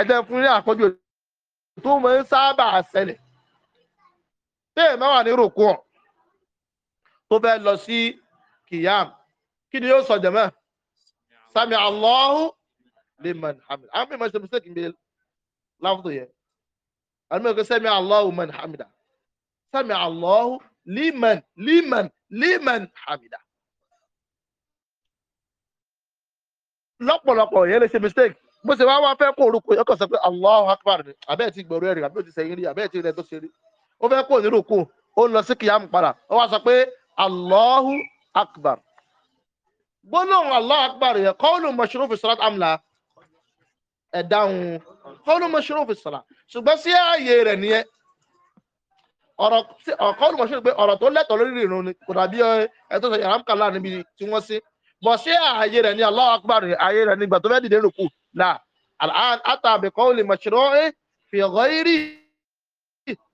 A: ẹ̀jẹ̀ fún ní àkọ́jọ́ tó máa ń sábà ṣẹlẹ̀ téèyàn bá wà ní rògbò ọ̀ tó fẹ́ lọ sí kìyàm kí ni yóò sọ jẹ̀mọ́ sami allahu liman hamida àwọn mímọ ṣe mistake mi láwùjọ yẹn àwọn mímọ ṣe sami allahu man hamida sami allahu liman liman liman hamida. lọ́pọ̀lọpọ̀ yẹn lè ṣe mistake bó ṣe wá wá fẹ́ kó orúkọ yẹn kàn sọ pé allahu akbar ni àbẹ́ẹ̀ ti gbọ̀rọ̀ ẹ̀rì àbẹ́ẹ̀ ti sẹ́yìn rí àbẹ́ẹ̀ ti rẹ̀ tó ṣe rí ó fẹ́ kó nírò kó ó lọ sí kìyàmù padà ó wá sọ pé Allahu akbar gbólóhùn Allahu akbar yẹn qawlun mashruu fi salat amla ẹ̀ dáhùn qawlun mashruu fi salat ṣùgbọ́n sí ààyè rẹ̀ nìyẹn ọ̀rọ̀ tí ọ̀kọ́ olùmọ̀ ṣe pé ọ̀rọ̀ tó lẹ́tọ̀ọ́ lórí ìrun ni kò dàbí ẹ̀tọ́ sọ yàrá kàlá níbi tí wọ́n sí bọ̀ sí ààyè rẹ̀ ní Allahu akbar ààyè rẹ̀ nígbà tó fẹ́ dìde rùkù là àtàbẹ̀kọ́ olùmọ̀ ṣe rọ́ọ̀ẹ́ fi ọ̀gọ́ irí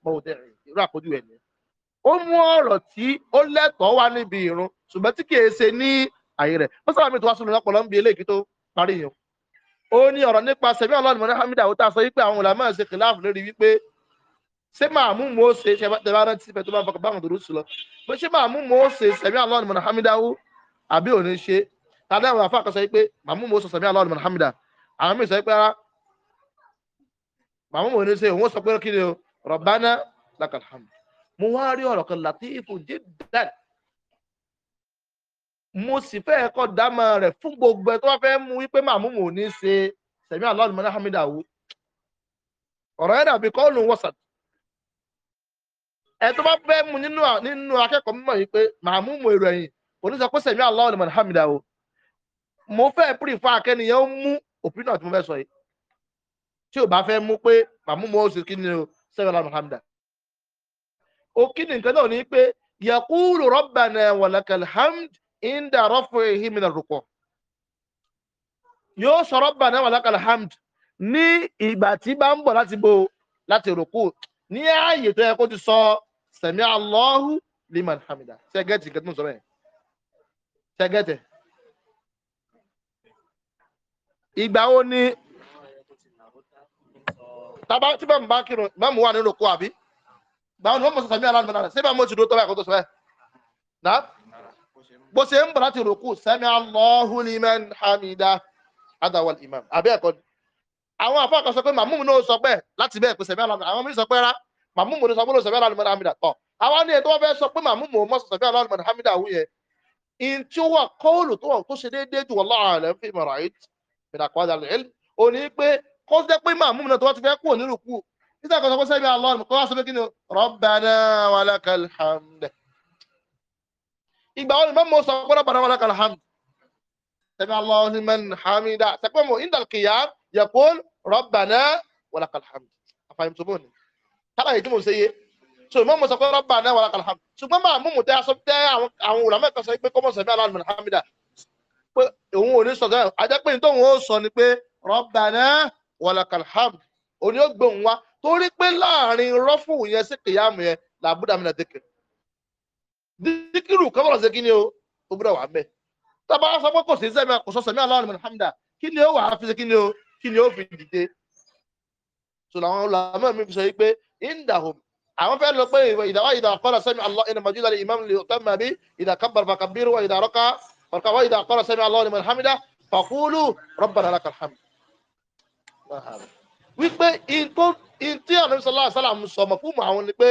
A: mọ̀ọ́dẹ̀rẹ̀ irú àpọ̀jù ẹ̀ ni. ó mú ọ̀rọ̀ tí ó lẹ́tọ̀ọ́ wá níbi ìrun ṣùgbọ́n tí kìí ṣe ní àyè rẹ̀ ó sábà mi tó wá sunu lọ́pọ̀lọ́ ń bi eléyìí tó parí yẹn. ó ní ọ̀rọ̀ nípa sẹ̀mí ọlọ́run mọ̀nà hamida ó ta sọ wípé àwọn ìlànà ṣe kìláàfù lórí wípé ṣé máa mú mo ṣe ṣe tẹ bá rántí fẹ tó bá fọkàn báwọn dòdò sùn lọ pé ṣé máa mú mo ṣe sẹ̀mí ọlọ́run mọ̀nà hamida ó àbí ò ní ṣe tàbí àwọn àfa àkọsọ wípé máa mú mo ṣe sẹ̀mí ọlọ́run mọ̀nà hamida àwọn míì sọ wípé rárá màmú mo ní ṣe òun ó sọ pé kí ni o rọ̀bánà lakal الحمد. مواري wá rí ọ̀rọ̀ kan latifu jiddan mo sì fẹ́ kọ́ dámọ̀ rẹ̀ fún gbogbo ẹ̀ tó bá fẹ́ mú wípé màmúmù ò ní ṣe sẹ̀mí Allahu liman hamidahu ọ̀rọ̀ ẹ̀ dàbí kọ́ọ̀lù wọ̀sàt ẹ̀ tó bá fẹ́ mú nínú nínú akẹ́kọ̀ọ́ mímọ̀ yìí pé màmúmù èrò ẹ̀yìn oníṣẹ́ pé sẹ̀mí Allahu liman hamidahu mo fẹ́ pírì fún ó mú òpin náà tí mo fẹ́ sọ yìí tí ò bá fẹ́ mú pé màmúmù ó sì kí ni o sẹ̀mí Allahu liman hamidahu ó kí ni nǹkan náà ní pé yakulu rabbana walakal hamd inda rafihi min ar-ruku yóò sọ rabbana walakal hamd ní ìgbà tí bá ń bọ̀ láti bo láti rùkú ní ààyè tó yẹ kó ti sọ sami Allahu liman hamida ṣẹ́gẹ́tì nǹkan tó ń sọ bẹ́ẹ̀ ṣẹ́gẹ́tì ìgbà wo ni tí bá ń bá kírun ìmáàmù wà nínú rùkú àbí gbàwọn ni wọ́n mọ̀ sọ sàmì aláàbò náà síbẹ̀ mo ti dúró tọ́lá ẹ̀kọ́ tó sọ ẹ̀ náà bó ṣe ń bọ̀ láti rùkú sami Allahu liman hamida adawal imam àbí ẹ̀kọ́ àwọn afọ́kọ̀ sọ pé màmúmu náà sọ pé láti bẹ́ẹ̀ pé sami aláàbò àwọn mi sọ pé rá màmúmu ló sọ pé ló sami aláàbò hamida tọ̀ àwọn ní ètò wọn fẹ́ sọ pé màmúmu mọ̀ sọ sami aláàbò hamida àwọn yẹn in tí ó wà kọ́ọ̀lù tó wà tó nígbà kan sọpọ́ sẹ́bí Allah kọ́ wá sọ pé kí ni Rabbana walakal hamd ìgbà wọn ni mọ́mọ́ sọ pé Rabbana walakal hamd sẹ́bí Allah liman hamida sẹ́pẹ́ mọ́ indal qiyam yaqul Rabbana walakal hamd àfàyàn tó bọ̀ ni tára èyí tí mo ṣe yé so mọ́mọ́ sọ pé Rabbana walakal hamd ṣùgbọ́n máa mú mu tẹ́ aṣọ tẹ́ àwọn olùdámẹ́ kan sọ pé kọ́mọ́ sẹ́bí Allah liman hamida pé òun ò ní sọ ajẹ́ pé ní tóun ó sọ ni pé Rabbana walakal hamd òun yóò gbóhùn wá torí pé láàrin rọ́fù yẹn sí kìyàmù yẹn làbúdà mi nà dìkìrì dìkìrì kan bọ̀rọ̀ sí kí ni o ó gbúdọ̀ wà mẹ́ tábà sọ pé kò sí sẹ́mi kò sọ sẹ́mi aláwọ̀ ní hamda kí ni ó wà á fi ṣe kí ni o kí ni ó fi dìde so làwọn olùhàmọ́ mi fi sọ yìí pé indahum àwọn fẹ́ lọ pé ìdáwà ìdá qala sami Allah inna majúdà lè imam lè tẹ́ màbí ìdá kabbara fakabbir wa ìdá rọ́kà fọ̀rọ̀kà wa ìdá qala sami Allah ní hamda faqulu rabbana lakal hamd. wípé ìntí àlẹ́sọ̀lá àṣálàm sọ̀mọ̀ fún àwọn ni pé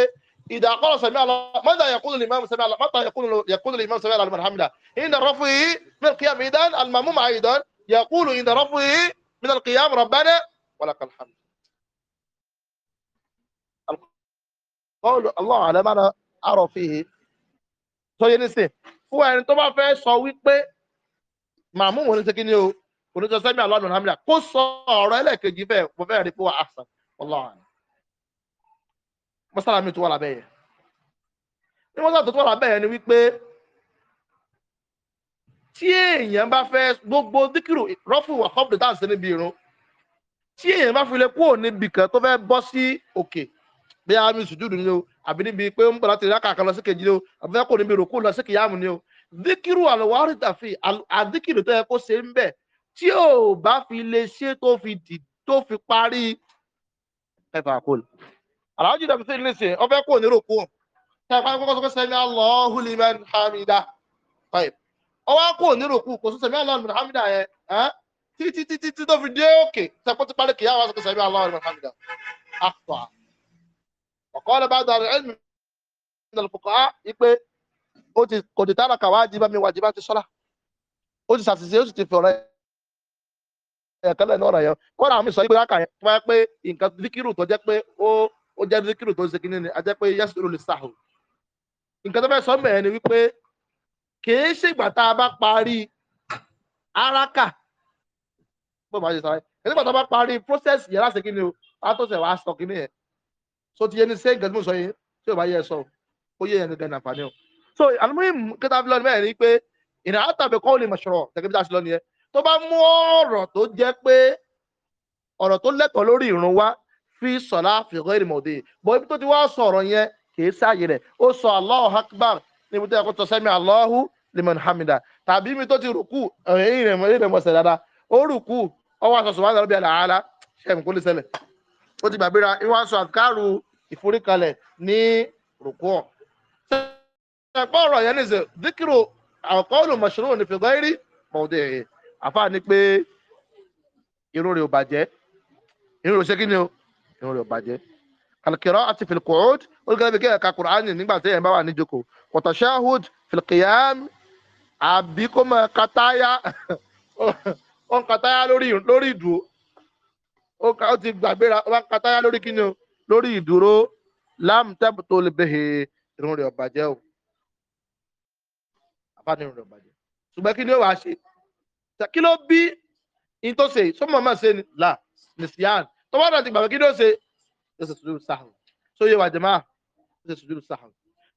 A: ìdàkọ́rọ̀ sẹ̀mí àlọ́ mọ́tà yẹkúnlù lè máa sẹ̀mí àlọ́ mọ́tà yẹkúnlù lè máa sẹ̀mí àlọ́ alhamdulilah ìnà rọ́fù yìí mẹ́rin kìyàm ìdán alimamum àìdán yẹkúnlù ìnà rọ́fù yìí mẹ́rin kìyàm rọ̀bánẹ́ wàlàkà alhamdu. allah alẹ́ máa arọ̀ fi yìí tó yẹ ní sè sọ wípé màmú wọn ní sẹ́kí oníjọ sẹ́mi àlọ́nù hamila kó sọ ọ̀rọ̀ ẹlẹ́ẹ̀kejì bẹ́ẹ̀ mo fẹ́ rí pé wà ọlọ́run mọ́sálà mi tó wà lábẹ́ yẹn ní mọ́sálà tó wà lábẹ́ gbogbo rọ́fù níbi irun tí èèyàn bá kúrò níbi kan tó fẹ́ bọ́ sí òkè bí a mi ni o àbí níbi pé ń lọ sí kejì o àbí fẹ́ níbi lọ sí kìyàmù ni o àlùwárí tàfi tó yẹ kó ṣe tí ò bá fi lè ṣe tó fi dì tó fi parí ẹ̀fà kò lè. aláàjì dàbí sí ilé sìn ọfẹ́ kò nírò kú ẹ̀fà kọ́kọ́ sọ pé sẹ́mi Allahu liman hamida ọwọ́ kò nírò kú kò sọ sẹ́mi Allahu liman hamida yẹn títí títí tí tó fi dé òkè sẹ́kọ́ ti parí kìyàwó sọ pé sẹ́mi Allahu liman hamida àpà ọ̀kọ́ lè bá dàrí ẹ̀mí ìdàlùfọ̀kọ́ á ipe ó ti kò ti tára kàwá jìbá mi wà jìbá ti sọ́lá ó ti sàtìsí ó sì ti fọ̀rọ̀ ẹ̀ ẹ̀kan lẹ́nu ọ̀ràn yẹn kọ́ra àwọn mi sọ pé rákà yẹn tó bá pé nǹkan díkìrù tó jẹ́ pé ó ó jẹ́ díkìrù tó ṣe kí ni a jẹ́ pé yẹ́sì ló lè sàhù nǹkan tó fẹ́ sọ mẹ́rin ni wípé kìí ṣègbà tá a bá parí áràkà bó máa ṣe sáré nígbà tá a bá parí process yẹn láti kí ni o a tó ṣe wàá sọ kí ni yẹn so ti yẹ ni sẹ́yìn gẹ̀dúmù sọ yẹn tí ò bá yẹ sọ ó yẹ yẹn gẹ̀gẹ̀ nàfààní o so àlùmọ́ tó bá mú ọ̀rọ̀ tó jẹ́ pé ọ̀rọ̀ tó lẹ́tọ̀ọ́ lórí ìrun wa fi sọ̀lá àfihàn ìrìmọ̀dé bọ́ ibi tó ti wá sọ̀rọ̀ yẹn kì í sáàyè rẹ̀ ó sọ Allahu akbar níbi tó yẹ kó tọ́ sẹ́mi Allahu liman hamida tàbí mi tó ti rùkú ìrìnmọ̀sẹ̀ dáadáa ó rùkú ọwọ́ aṣọ sọ̀rọ̀ àdàlọ́bí àlàálá ṣẹ́mi kó lè ṣẹlẹ̀ ó ti gbàgbéra ìwọ̀n aṣọ àkárù ìforíkalẹ̀ ní rùkú ọ̀ ṣẹ̀pọ̀ ọ̀rọ̀ yẹn ní ṣe díkìrò àkọọ́lù mọ̀ṣúrù ní fìgbọ́ àfáà ní pé irun rẹ̀ ò bàjẹ́ irun rẹ̀ ò ṣe kí ni o irun rẹ̀ ò bàjẹ́ al-qira'ati fil qu'ud ó gẹ́gẹ́ bí kí ẹ̀ka kùránì nígbà tí ẹ̀yìn bá wà ní jòkó wa tashahhud fil qiyam àbí kó máa katáyà ó ń katáyà lórí ìdúró ó ti gbàgbéra ó bá katáyà lórí kí ni o lórí ìdúró lam tabtul bihi irun rẹ̀ ò bàjẹ́ o àbá ní irun rẹ̀ ò bàjẹ́ ṣùgbọ́n kí ni ó wàá ṣe kí ló bí in tó ṣe sọmọ máa ṣe là nìṣíàn tó bá dàtí gbàgbé kí ló ṣe ló ṣe sùdúrù sáà tó yẹ wà jẹ máa ló ṣe sùdúrù sáà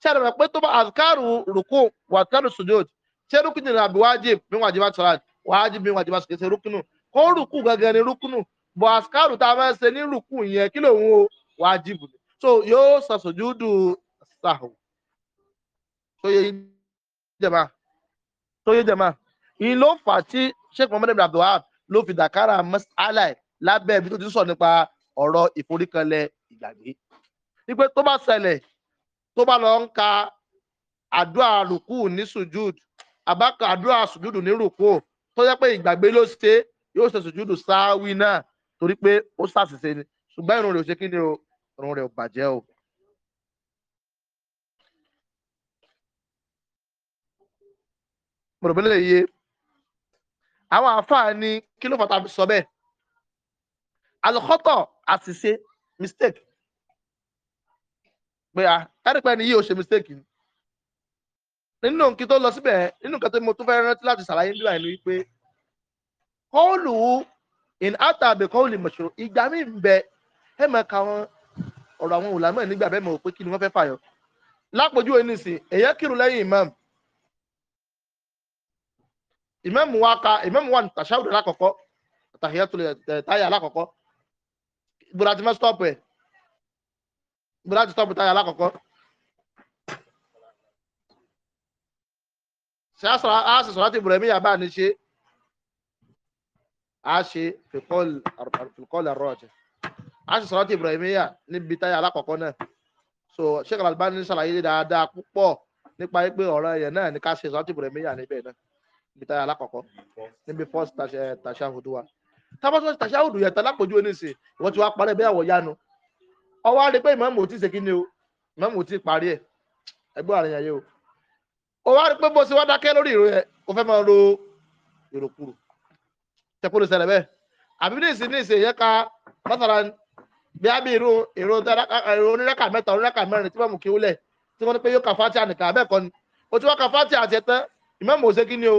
A: ṣe àdàmà pé tó bá àkàrù rùkú wà àkàrù sùdúrù ṣe rúkìnì àbí wájib bí wàjib bá sọ̀rọ̀ wájib bí wàjib bá sọ̀rọ̀ ṣe rúkìnù kó rùkú gangan ni rúkìnù bọ̀ àkàrù tá a máa ṣe ní rùkú yẹn kí lòun o wájib ni so yóò ṣàṣojúdù sáà tó yẹ jẹma tó yẹ jẹma ìyìn ló fà tí sheikh mohammed ibn abdulwahab ló fi dàkárà mas'ala lábẹ́ ibi tó ti sọ nípa ọ̀rọ̀ ìforíkanlẹ̀ ìgbàgbé wípé tó bá ṣẹlẹ̀ tó bá lọ ń ka àdúrà rùkú ní sùjúd àbáka àdúrà sùjúd ní rùkú tó jẹ́ pé ìgbàgbé ló ṣe yóò ṣe sùjúd sáwí náà torí pé ó ṣàṣìṣe ni ṣùgbọ́n ìrun rẹ̀ ò ṣe kí ni o ìrun rẹ̀ ò bàjẹ́ o. mo rò bẹ́lẹ̀ yé àwọn àfáà ní kí ló fàtà sọ bẹ́ẹ̀ alùkọ́tọ̀ àṣìṣe mistake pé a ẹ̀rípẹ́ ni yìí ò ṣe mistake ni nínú nǹkan tó lọ síbẹ̀ nínú nǹkan tó mo tún fẹ́ rántí láti ṣàlàyé nílò àìní wípé kọ́ọ̀lù in after abẹ kọ́ọ̀lù mọ̀ṣọ́rọ̀ ìgbà mi ń bẹ ẹ wọn ọ̀rọ̀ àwọn òlàmọ́ nígbà bẹ́ẹ̀ mọ̀ pé kí ni wọ́n fẹ́ fàyọ lápòjú ẹni sìn kírun lẹ́yìn imam ìmáàmù wa ka ìmáàmù wa tàṣàwùdù lákọ̀ọ́kọ́ àtàhíyàtò eh, táyà lákọ̀ọ́kọ́ ìbúra ti máa stọ́ọ̀pù ẹ̀ ìbúra ti stọ́ọ̀pù táyà lákọ̀ọ́kọ́. ṣe á sì sọ̀rọ̀ láti ìbúra ẹ̀mí yàbá ni ṣe á ṣe fìkọ́ọ̀lù àrọ̀ ọ̀jẹ̀ á sì sọ̀rọ̀ láti ìbúra ẹ̀mí yà níbi táyà lákọ̀ọ́kọ́ na. so Sheikh Al-Albani ṣàlàyé dáadáa púpọ̀ nípa pé ọ̀rọ̀ ẹ̀yẹ̀ náà ní ká ṣe sọ̀rọ̀ láti ìbúra ẹ̀mí yà níbẹ̀ náà níbi táyà alákọ̀ọ́kọ́ níbi first eh, tashahudu wa tábàtà tashahudu yẹn tálápọ̀jú oníṣe ìwọ́n ti wá parẹ́ bí àwọ̀ yánu ọwọ́ á rí pé ìmáàmù ò tí ì ṣe kí ni o ìmáàmù ò tí ì parí ẹ̀ ẹgbẹ́ àríyàn yẹ o ó wá rí pé bó ṣe wá dákẹ́ lórí ìró yẹ ó fẹ́ máa ro ìròkúrò tẹkúrò ṣẹlẹ̀ bẹ́ẹ̀ àbí ní ìsìn yẹ ká mọ́tàlá bí a bí irú ìró onírẹ́kà mẹ́ta onírẹ́kà mẹ́rin tí mọ̀mù kí ó lẹ̀ tí wọ́n ní pé yóò kà fátíà nìkan abẹ́ẹ̀kọ́ ni ó ti wá kà fátíà àti ẹ̀tẹ́ ìmáàmù ò ṣe kí ni o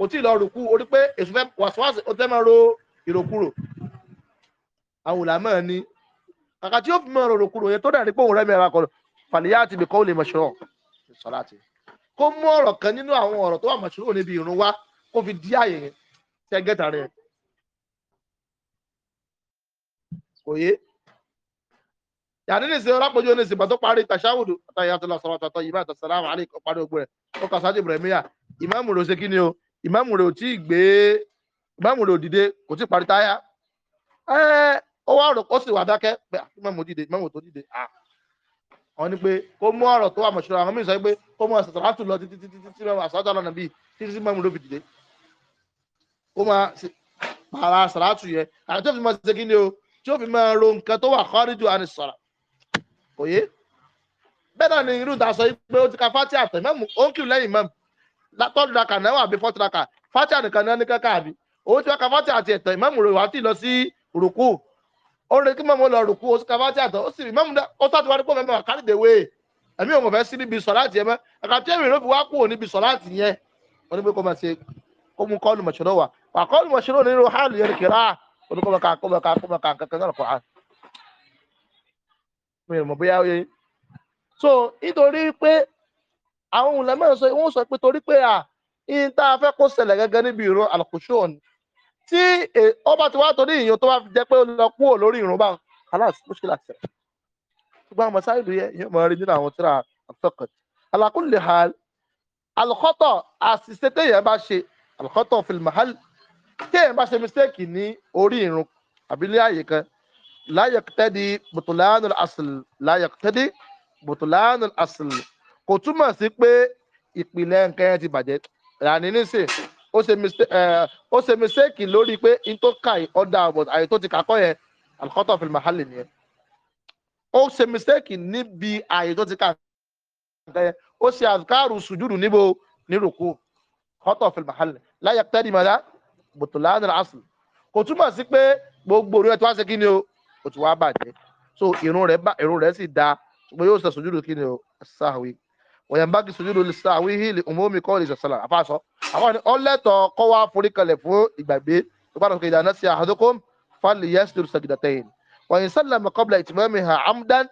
A: kò tí ì lọ rùkú orí pé èso fẹ́ wàsíwàsí ó tẹ́ máa ro ìròkúrò àwọn òlàmọ́ ni kàkà tí ó fi máa ro ìròkúrò yẹn tó dàrí pé òun rẹ́mi ẹ̀rọ akọ̀rọ̀ fàlíyà ti bìkọ́ olè mọ̀ṣọ́ sọ́láàtì kó mú ọ̀rọ̀ kan nínú àwọn ọ̀rọ̀ tó wà mọ̀ṣọ́ níbi ìrún wá kó fi dí àyè yẹn tẹ́ gẹ́ta rẹ̀ kò yé yàrá ní ìsìn ọlápọ̀jù ní ìsìn bàtó parí tàṣáwùdù àtàyàtọ̀ làṣọ̀rọ̀ àtàtọ̀ yìí bá àlè parí ogun rẹ̀ ó kà sáájú ibrahimiya ìmáàmù rẹ̀ ò tí ì gbé ìmáàmù rẹ̀ ò dìde kò tí ì parí táyà ó wá ọ̀rọ̀ ó sì wà dákẹ́ pé ah, ìmáàmù dìde ìmáàmù tó dìde àwọn ah, ni pé kó mú ọ̀rọ̀ tó wà mọ̀ṣúra àwọn míì sọ pé kó mú àṣàtà látù lọ títí títí tí mẹ́wàá àṣàtà lọ́nà bíi títí tí mẹ́mú ló fi dìde ó máa para àṣàtù yẹn àti tó fi máa ṣe kí ni o tí ó fi máa ro nǹkan tó wà kọ́rídù àni sọ̀rọ̀ òye bẹ́ẹ̀ náà ni irú ìdásọ yìí pé ó ti ka fátì àtẹ̀ mẹ́mú ó ń kírun lẹ́yìn mẹ́mú la raka na wà bí fourth raka fatiha nìkan náà ní kankan àbí òun ti wá ka fatiha àti ẹ̀tàn ìmáàmù rẹ̀ wá ti lọ sí rùkú ó rẹ kí lọ rùkú ó sì ka fatiha àtàn ó sì rí mọ̀mọ́ ó sáà ti wá ní kó mẹ́mọ́ carry the way ẹ̀mí òun fẹ́ sí níbi sọ̀láàtì yẹn mẹ́ ẹ̀ka tí èmi ló wá kú òun níbi sọ̀láàtì àwọn òun lẹ́mọ̀ sọ wọ́n sọ pé torí pé à ìyìn tá a fẹ́ kó ṣẹlẹ̀ gẹ́gẹ́ níbi ìrun àlùkùṣù ọ̀nì tí ọba e, ti wá torí ìyìn tó bá fi jẹ́ pé ó lọ kúrò lórí ìrun bá aláàsì kó ṣe láti ṣẹlẹ̀ ṣùgbọ́n àwọn mọ̀sáìlú yẹ ìyẹn mọ̀ rí nínú àwọn tíra àtọ́kọ̀ alákùnlé ha alùkọ́tọ̀ àṣìṣe téèyàn bá ṣe alùkọ́tọ̀ fìlmahal téèyàn bá ṣe mistake ní orí ìrun àbí àyè kan láyọ̀ tẹ́dí bùtùlánù asìl láyọ̀ tẹ́dí bùtùlánù asìl kò túmọ̀ sí pé ìpìlẹ̀ nǹkan yẹn ti bàjẹ́ rani nísìn ó ṣe ó ṣe mistake lórí pé n tó kà í ọ̀dà but àyè tó ti kàkọ́ yẹn àkọ́tọ̀ fil mahalli nìyẹn ó ṣe mistake níbi àyè tó ti kà nǹkan yẹn ó ṣe àzùkárù sùjúdù níbo nírùkú àkọ́tọ̀ fil mahalli la yaqtadi mala butlan al-asl kò túmọ̀ sí pé gbogbo orí ẹ̀ tó wá ṣe kí ni o kò tún wá bàjẹ́ so irun rẹ̀ sì da ṣùgbọ́n yóò ṣe sùjúdù kí ni o sáà wọ̀nyẹ̀mbági sojúdo lè sa àwọn ihìlì òmùmí kọ́ lè sọ̀sọ̀lá àfàṣọ. àwọn ni ọlẹ́tọ̀ kọ́ wá forí kalẹ̀ fún ìgbàgbé ìpàdé òkè ìdáná sí ahadukum fali yasdur sagidatẹ́yìn. wọ̀nyí sálàmù qabla ìtìmọ́mi ha amdan.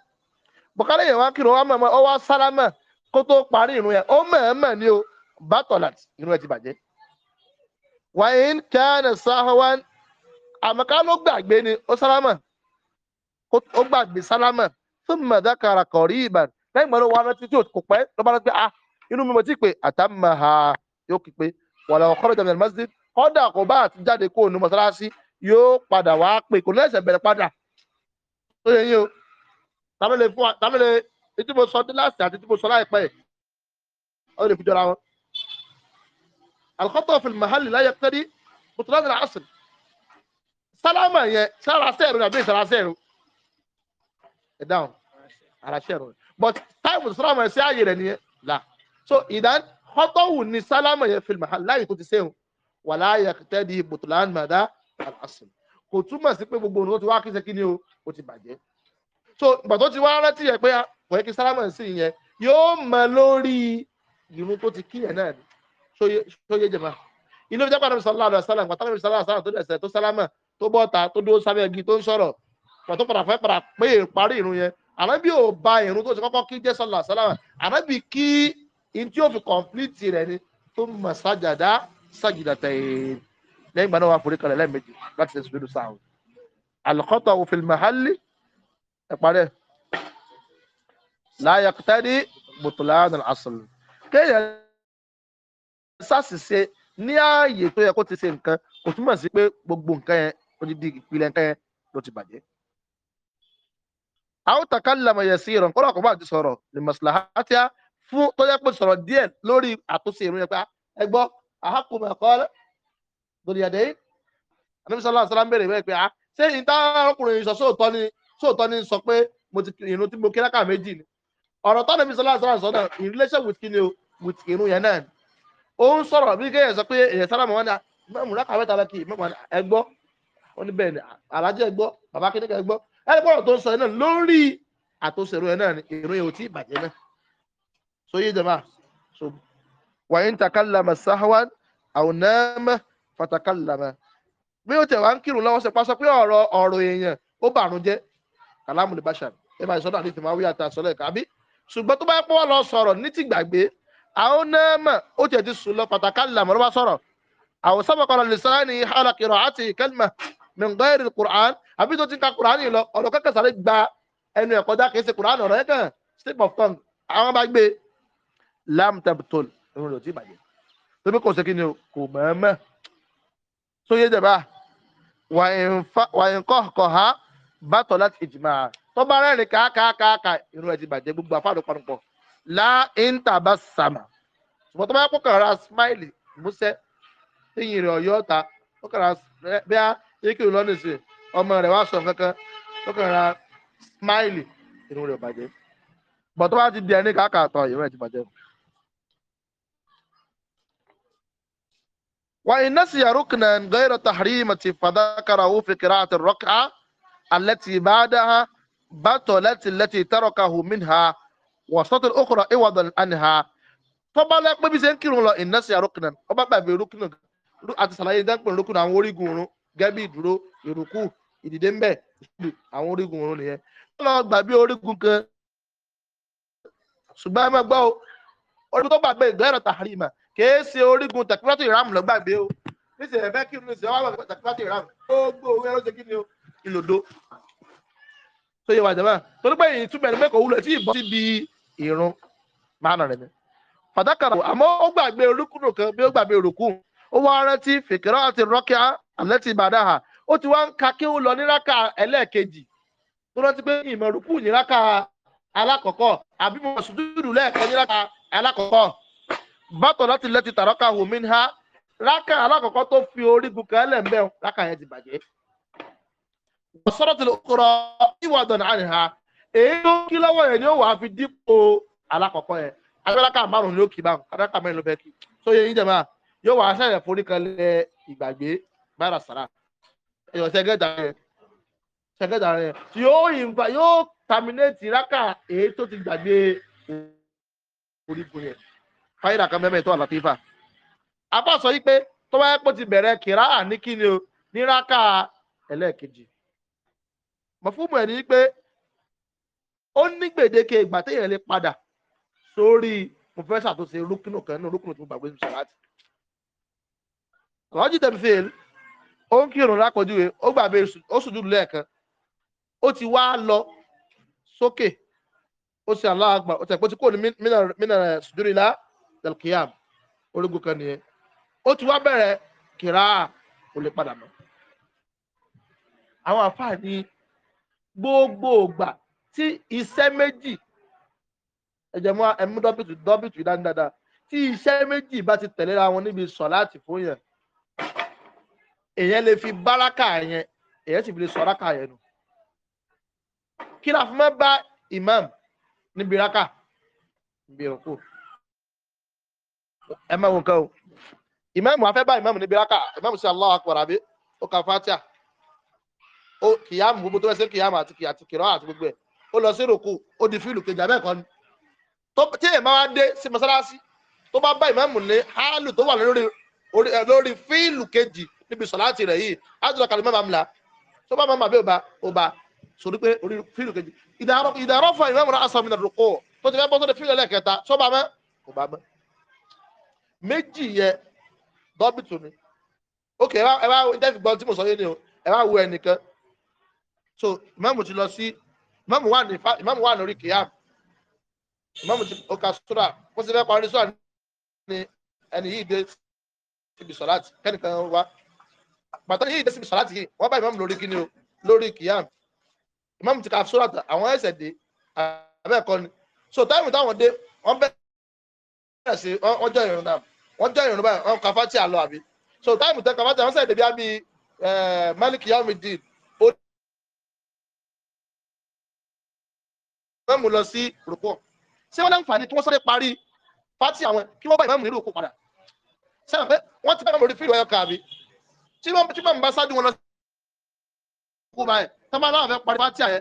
A: bùkálẹ̀ yẹn wá kírun wá mọ̀mọ́ ọwọ́ sálámà kó tó parí ìrun yẹn ó mọ̀ọ́mọ̀ ni o bátọ̀lá ìrun ẹ̀ ti bàjẹ́. wọ̀nyí kẹ́ẹ̀nì sáhọ́wán àmọ́ká ló gbàgbé ni ó sálámà ó gbàgbé sálámà thumma dhakara qariban lẹ́yìn mọ́lẹ́ wa rántí tí kò pẹ́ ló bá rántí pé ah inú mi mo ti pè àtàmà ha yóò kí pé wàlà ọ̀kọ́rọ̀ jàmìlẹ̀ mọ́sídì kọ́dà kò bá àti jáde kó ònú mọ́sálásí yóò padà wá pè kò lẹ́sẹ̀ bẹ̀rẹ̀ padà tó yẹ yín o tàbílẹ̀ fún wa tàbílẹ̀ etí mo sọ díláàsì àti etí mo sọ láìpẹ́ yìí ó lè fi jọra wọn. alkhọ́tọ̀ fìlì mahali láyé pẹ́ẹ́dí mùtúlá ní sálámà yẹn sára sẹ́ẹ̀rù àbí ìsára but táìmù sálámù ẹ̀ sí ààyè rẹ̀ nìyẹn là so idan, kọ́tọ́wù ni sálámù yẹn fi màá láyè tó ti sẹ́hùn wà láàyè tẹ́lẹ̀ bùtùlán màdá àlásùn kò túmọ̀ sí pé gbogbo ohun tó ti wá kí ṣe kí ni o ó ti bàjẹ́ so ìgbà tó ti wá rántí yẹn pé kò yẹ kí sálámù sí yẹn yóò mọ lórí irun tó ti kí yẹn náà ni sóyè jẹ̀mọ́ inú ìjọba àdàbí sọlá àdàbí sọlá àgbà tàbí sọlá àsálà tó dẹ̀sẹ̀ tó sálámà tó bọ́ta tó dúró sábẹ́ igi tó ń sọ̀rọ̀ pàtó padà fẹ́ padà pé parí ìrun yẹn ànábì ò ba ìrún tó ti kọ́kọ́ kí jẹ́ sọ́lá sálámà ànábì kí in tí ó fi kọ̀ǹpìlìtì rẹ̀ ni tó ń mọ̀ sájàdá sájìdàtà èèyàn lẹ́yìn ìgbà náà wà forí kalẹ̀ lẹ́ẹ̀mejì láti ṣe sùdúrù sáà alùkọ́tọ̀ òfin mahali ẹ̀parẹ́ láyàkútẹ́rì bùtùláàdì asùn kéèyàn sàṣìṣe ní ààyè tó yẹ kó ti ṣe nǹkan kò túmọ̀ sí pé gbogbo nǹkan yẹn ó ti di ìpìlẹ̀ nǹkan yẹn ló ti bàjẹ́ àwọn takàlàmọ̀ yẹ̀ sí ìrọ̀n kọ́lá àkọ́bá àti sọ̀rọ̀ lè maslahatia fún tó yẹ pé sọ̀rọ̀ díẹ̀ lórí àtúnṣe ìrún yẹn pé ẹ gbọ́ àhákùnmọ̀ ẹ̀kọ́ lórí ẹ̀dẹ́ yìí anamisalaam salaam béèrè bẹ́ẹ̀ pé ah ṣé ìta ọkùnrin sọ sóòtọ́ ni sóòtọ́ ni sọ pé mo ti ìrún tí mo kí rákà méjì ni ọ̀rọ̀ tó anamisalaam salaam sọ náà in relation with kini o with ìrún yẹn náà ó ń sọ̀rọ̀ bí kéèyàn sọ pé èyàn sálámù wọn ni mẹ́mú rákà mẹ́ta lọ́kì mẹ́mú ẹgbọ́ wọn ni bẹ́ẹ̀ ni alájẹ́ ẹgbọ́ bàbá láti pọ̀rọ̀ tó ń sọ náà lórí àtúnṣe ìròyìn náà ni ìròyìn ò tí ì náà so yé jama so wàyí ń takàlámà sáháwán àwònámà fatakàlámà bí ó tẹ̀ wá ń kírun lọ́wọ́ sọ pásọ pé ọ̀rọ̀ ọ̀rọ̀ èèyàn ó bàrún jẹ́ kàlámù lè bàṣà ẹ máa sọ́dọ̀ àti tìmáwí àti àsọ̀lẹ̀ kàbí ṣùgbọ́n tó bá pọ̀ lọ sọ̀rọ̀ ní ti gbàgbé àwònámà ó tiẹ̀ ti sùn lọ àbí tó ti ka kùránì lọ ọ̀rọ̀ kẹ́kẹ́ sáré gba ẹnu ẹ̀kọ́ dá kìí ṣe kùránì ọ̀rọ̀ ẹ̀kàn slip of tongue àwọn bá gbé lam tabtol ìrìn ò tí bàjẹ́ tó bí kò ṣe kí ni kò mọ̀ọ́mọ̀ tó yé dẹ̀ bá wà ń kọ́ kọ́ ha bàtọ̀ láti ìjìmá tó bá rẹ́rìn káàkáàkáà ìrìn ti bàjẹ́ gbogbo àfáàdù panupọ̀ la intaba sama ṣùgbọ́n tó bá kó kàrà smile músẹ́ tí yìnyín ọ̀yọ́ ta ó kàrà bẹ́ẹ̀ yẹ kí n lọ́nà sí ọmọ rẹ̀ wá sọ kankan tó kàn ra smile inú rẹ̀ bàjẹ́ bọ̀ tó bá ti di ẹni kàkà tọ̀ ìwé ẹ̀ ti bàjẹ́. وإن نسي ركنا غير تحريمة فذكره في قراءة الركعة التي بعدها بطلت التي تركه منها وسط الأخرى عوضا عنها tọ́ba lẹ́pẹ́ bí ṣe ń kírun lọ ìnẹ́sì àrùkùnà ọba gbàgbé rúkùnà àti sàlàyé dáńpẹ̀ rúkùnà àwọn orígun òrun gẹ́bí ìdúró ìrùkù ìdìde ń bẹ àwọn orígun òun nìyẹn wọn lọ gbà bí orígun kan ṣùgbọ́n ẹ má gbọ́ o orígun tó gbàgbé ìgbẹ́rọ̀ tàhárí mà kìí ṣe orígun tàkìrọ́tì ìráàmù lọ gbàgbé o níṣẹ́ ẹ̀fẹ́ kí ni ìṣẹ́ wà gbàgbé tàkìrọ́tì ìráàmù gbogbo owó ẹ̀rọ ṣe kí ni o ìlòdó tó yẹ wà jẹ́ máa torí pé ìtumọ̀ ẹ̀rọ mẹ́kọ̀ọ́ wúlò tí ìbọn síbi ìrun máa nà rẹ̀ ni fàdákàrà àmọ́ ó gbàgbé orúkúrò kan bí ó gbàgbé orúkú ó wá rántí fìkìrọ́ àti rọ́kíá àlẹ́tì bàdáhà ó ti wá ń ka kí ó lọ ní rákà ẹlẹ́ẹ̀kejì tó rántí pé ìmọ̀ ní rákà alákọ̀ọ́kọ́ àbí mo sùdúrù lẹ́ẹ̀kan ní rákà alákọ̀ọ́kọ́ bàtọ̀ láti ha rákà alákọ̀ọ́kọ́ tó fi orígun kan lẹ̀ mbẹ́ rákà yẹn ti bàjẹ́. wọ́n sọ̀rọ̀ tí ó rọ ìwà dọ̀nà àná ha èyí ló kí lọ́wọ́ yẹn ni ó wà á fi dípò alákọ̀ọ́kọ́ yẹn abẹ́rákà márùn-ún kì báwọn mẹ́rin ló fẹ́ ṣẹ̀gẹ́dàrin ṣẹ̀gẹ́dàrin tí yóò ìfà yóò ti gbàgbé orígun yẹn fáyìlà kan mẹ́mẹ́ tó àlàfífà apá sọ yí pé tó bá yẹ kó ti bẹ̀rẹ̀ kìrá ní kíni o ní rákà ẹlẹ́ẹ̀kejì mọ̀fúnmù ẹ̀ ní pé ó ní gbèdéke ìgbà téèyàn lè padà sórí professor tó ṣe rúkúnù kan rúkúnù tó gbàgbé lọ́jì tẹ̀mí ó ń kírun lápọ̀júwe ó gbàgbé ó sùdúrù lẹ́ẹ̀kan ó ti wá lọ sókè ó sì Allahu Akbar ó tẹ̀pẹ́ tí kò ní mínà eh, sùdúrù ilá dalkiyam orígun kan nìyẹn ó ti wá bẹ̀rẹ̀ kìrá kò lè padà mọ́ àwọn àfáà ní gbogbo ògbà tí iṣẹ́ méjì ẹ̀jẹ̀ mú ẹ̀mú dọ́bìtì dọ́bìtì dáadáa tí iṣẹ́ méjì bá ti tẹ̀léra wọn níbi sọ̀ láti fún yẹn èyàn lè fi báràkà yẹn èyàn sì fi lè sọ yẹn kí la fi imam níbi rákà níbi ẹ wọn imam fẹ́ bá imam níbi imam sí Allah akbar àbí ó ka fatia ó kìyàmù gbogbo tó fẹ́ kìyàmù àti kìyà àti di fílù kejì abẹ́ kan tí èèyàn máa dé sí tó bá bá imam ní hálù tó níbi sọ̀láàtì rẹ̀ yìí ájúra kàlù mẹ́bàá mìlá tó bá máa bẹ́ẹ̀ ọba sórí pé orí fílù kejì ìdàrọ́ fún ìmọ̀ ìmọ̀ asàmì nàdùn kó tó ti fẹ́ bọ́ sórí fílù ẹlẹ́kẹta tó bá mẹ́ ọba mẹ́ méjì yẹ dọ́bìtù ni ok ẹ wá ìdẹ́fì gbọ́n tí mo sọ yé ni o ẹ wá wo ẹnìkan so ìmọ̀mù ti lọ sí ìmọ̀mù wà lórí kìyàm ìmọ̀mù ti ọkà sùrà ó ti fẹ́ parí sùrà ní ẹni yìí dé ibi sọ̀láàtì kẹ́nìkan wá pàtó yìí dé síbi sàláàtì yìí wọ́n bá ìmáàmù lórí kíni o lórí kìyàm ìmáàmù ti ka sóràtà àwọn ẹsẹ̀ dé abẹ́ẹ̀kọ́ ni so táìmù táwọn dé wọ́n bẹ̀rẹ̀ sí wọ́n jọ ìrìn náà wọ́n jọ ìrìn báyìí wọ́n ka fati àlọ́ àbí so táìmù tẹ́ ka fati àwọn sẹ̀dẹ̀ bí i malik yaomi did ó ìmáàmù lọ sí rúkọ̀ ṣé wọ́n láǹfààní tí wọ́n sọ́dẹ̀ parí fati àwọn kí wọ́n bá ìmáàmù ní rúkọ̀ padà sẹ́wọ̀n pé wọ́n ti bá ìmáàmù lórí fíìlì ọyọ́ kan àbí tí wọ́n tí màmú bá ṣáájú wọn lọ kú báyìí tí wọ́n bá láwọn fẹ́ parí pátí àyẹ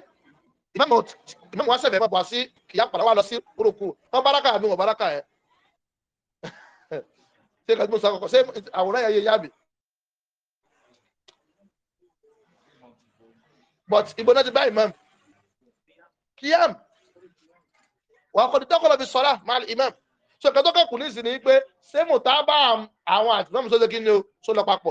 A: ìmọ̀mù wọn sẹ̀fẹ̀ bọ̀ sí kìyà padà wà lọ sí orúkú wọn báraka àbí wọn báraka yẹ ṣé kàdúgbò sọ kọkọ ṣé àwòrán yẹ yẹ yá mi. but ìbò náà ti bá imam kíyàm wà á kọ́ ni tọ́kọ̀lọ́ fi sọ́ra máa imam so kẹ́tọ́kẹ́ kù ní ìsìn ni pé ṣé mo tá bá àwọn àtìmọ́mù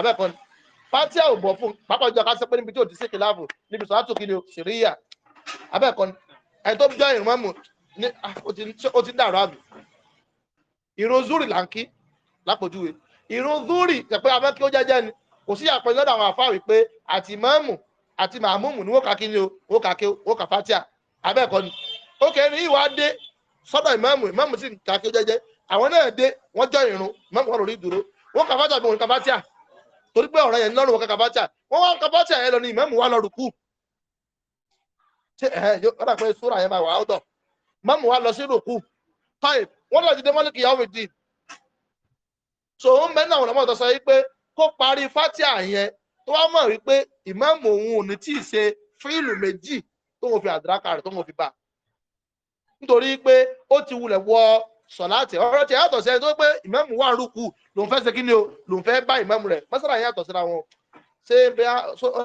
A: abẹ́ẹ̀kan pátíà ò bọ̀ fún pápá ìjọ ká sọ pé níbi tí ò ti sí kìláàfù níbi sọ látòkì ni ṣìríyà abẹ́ẹ̀kan ẹni tó jọ ìrànmọ́mù ní ó ti dàrú àbí ìrun zúrì là ń kí lápòjúwe ìrun zúrì pé abẹ́ kí ó jẹ́jẹ́ ni kò sí àpẹẹrẹ lọ́dọ̀ àwọn àfáà wípé àti mọ́mù àti màmúmù ni wọ́n kà kí ni o wọ́n kà kí wọ́n kà pátíà abẹ́ẹ̀kan ni ó kẹrin ìwà dé sọ́dọ̀ ìmọ̀mù ìmọ̀mù sì kà kí ó jẹ́jẹ́ àwọn náà dé wọ́n jọ ìrun mọ́mù wọn lórí ìdúró wọ́n kà fátíà wọn kà fátíà torí pé ọ̀rọ̀ yẹn lọ́rùn wọn kàkàbátà wọ́n wá kàkàbátà yẹn lọ ní ìmáàmù wa lọ́rùn kú ṣe ẹ̀ ọ̀rọ̀ pé súrà yẹn máa wà áwùtọ̀ ìmáàmù wa lọ sí rùkú táì wọ́n lọ ti dé mọ́lìkì yàwó ìdí so ó ń bẹ́ náà lọ́mọ́ tó sọ wípé kó parí fátíà yẹn tó wá mọ̀ wípé ìmáàmù òun ò ní tí ì ṣe fíìlù méjì tó ń fi àdúrà kárẹ̀ tó ń fi bá nítorí pé ó ti wulẹ̀ wọ sọ̀láàtì ọ̀rọ̀ tí yàtọ̀ sí ẹni tó pé ìmáàmù wà rúkú lòun fẹ́ ṣe kí ni o lòun fẹ́ bá ìmáàmù rẹ̀ mọ́sálà yàtọ̀ síra wọn ṣé bí a sọ ọ́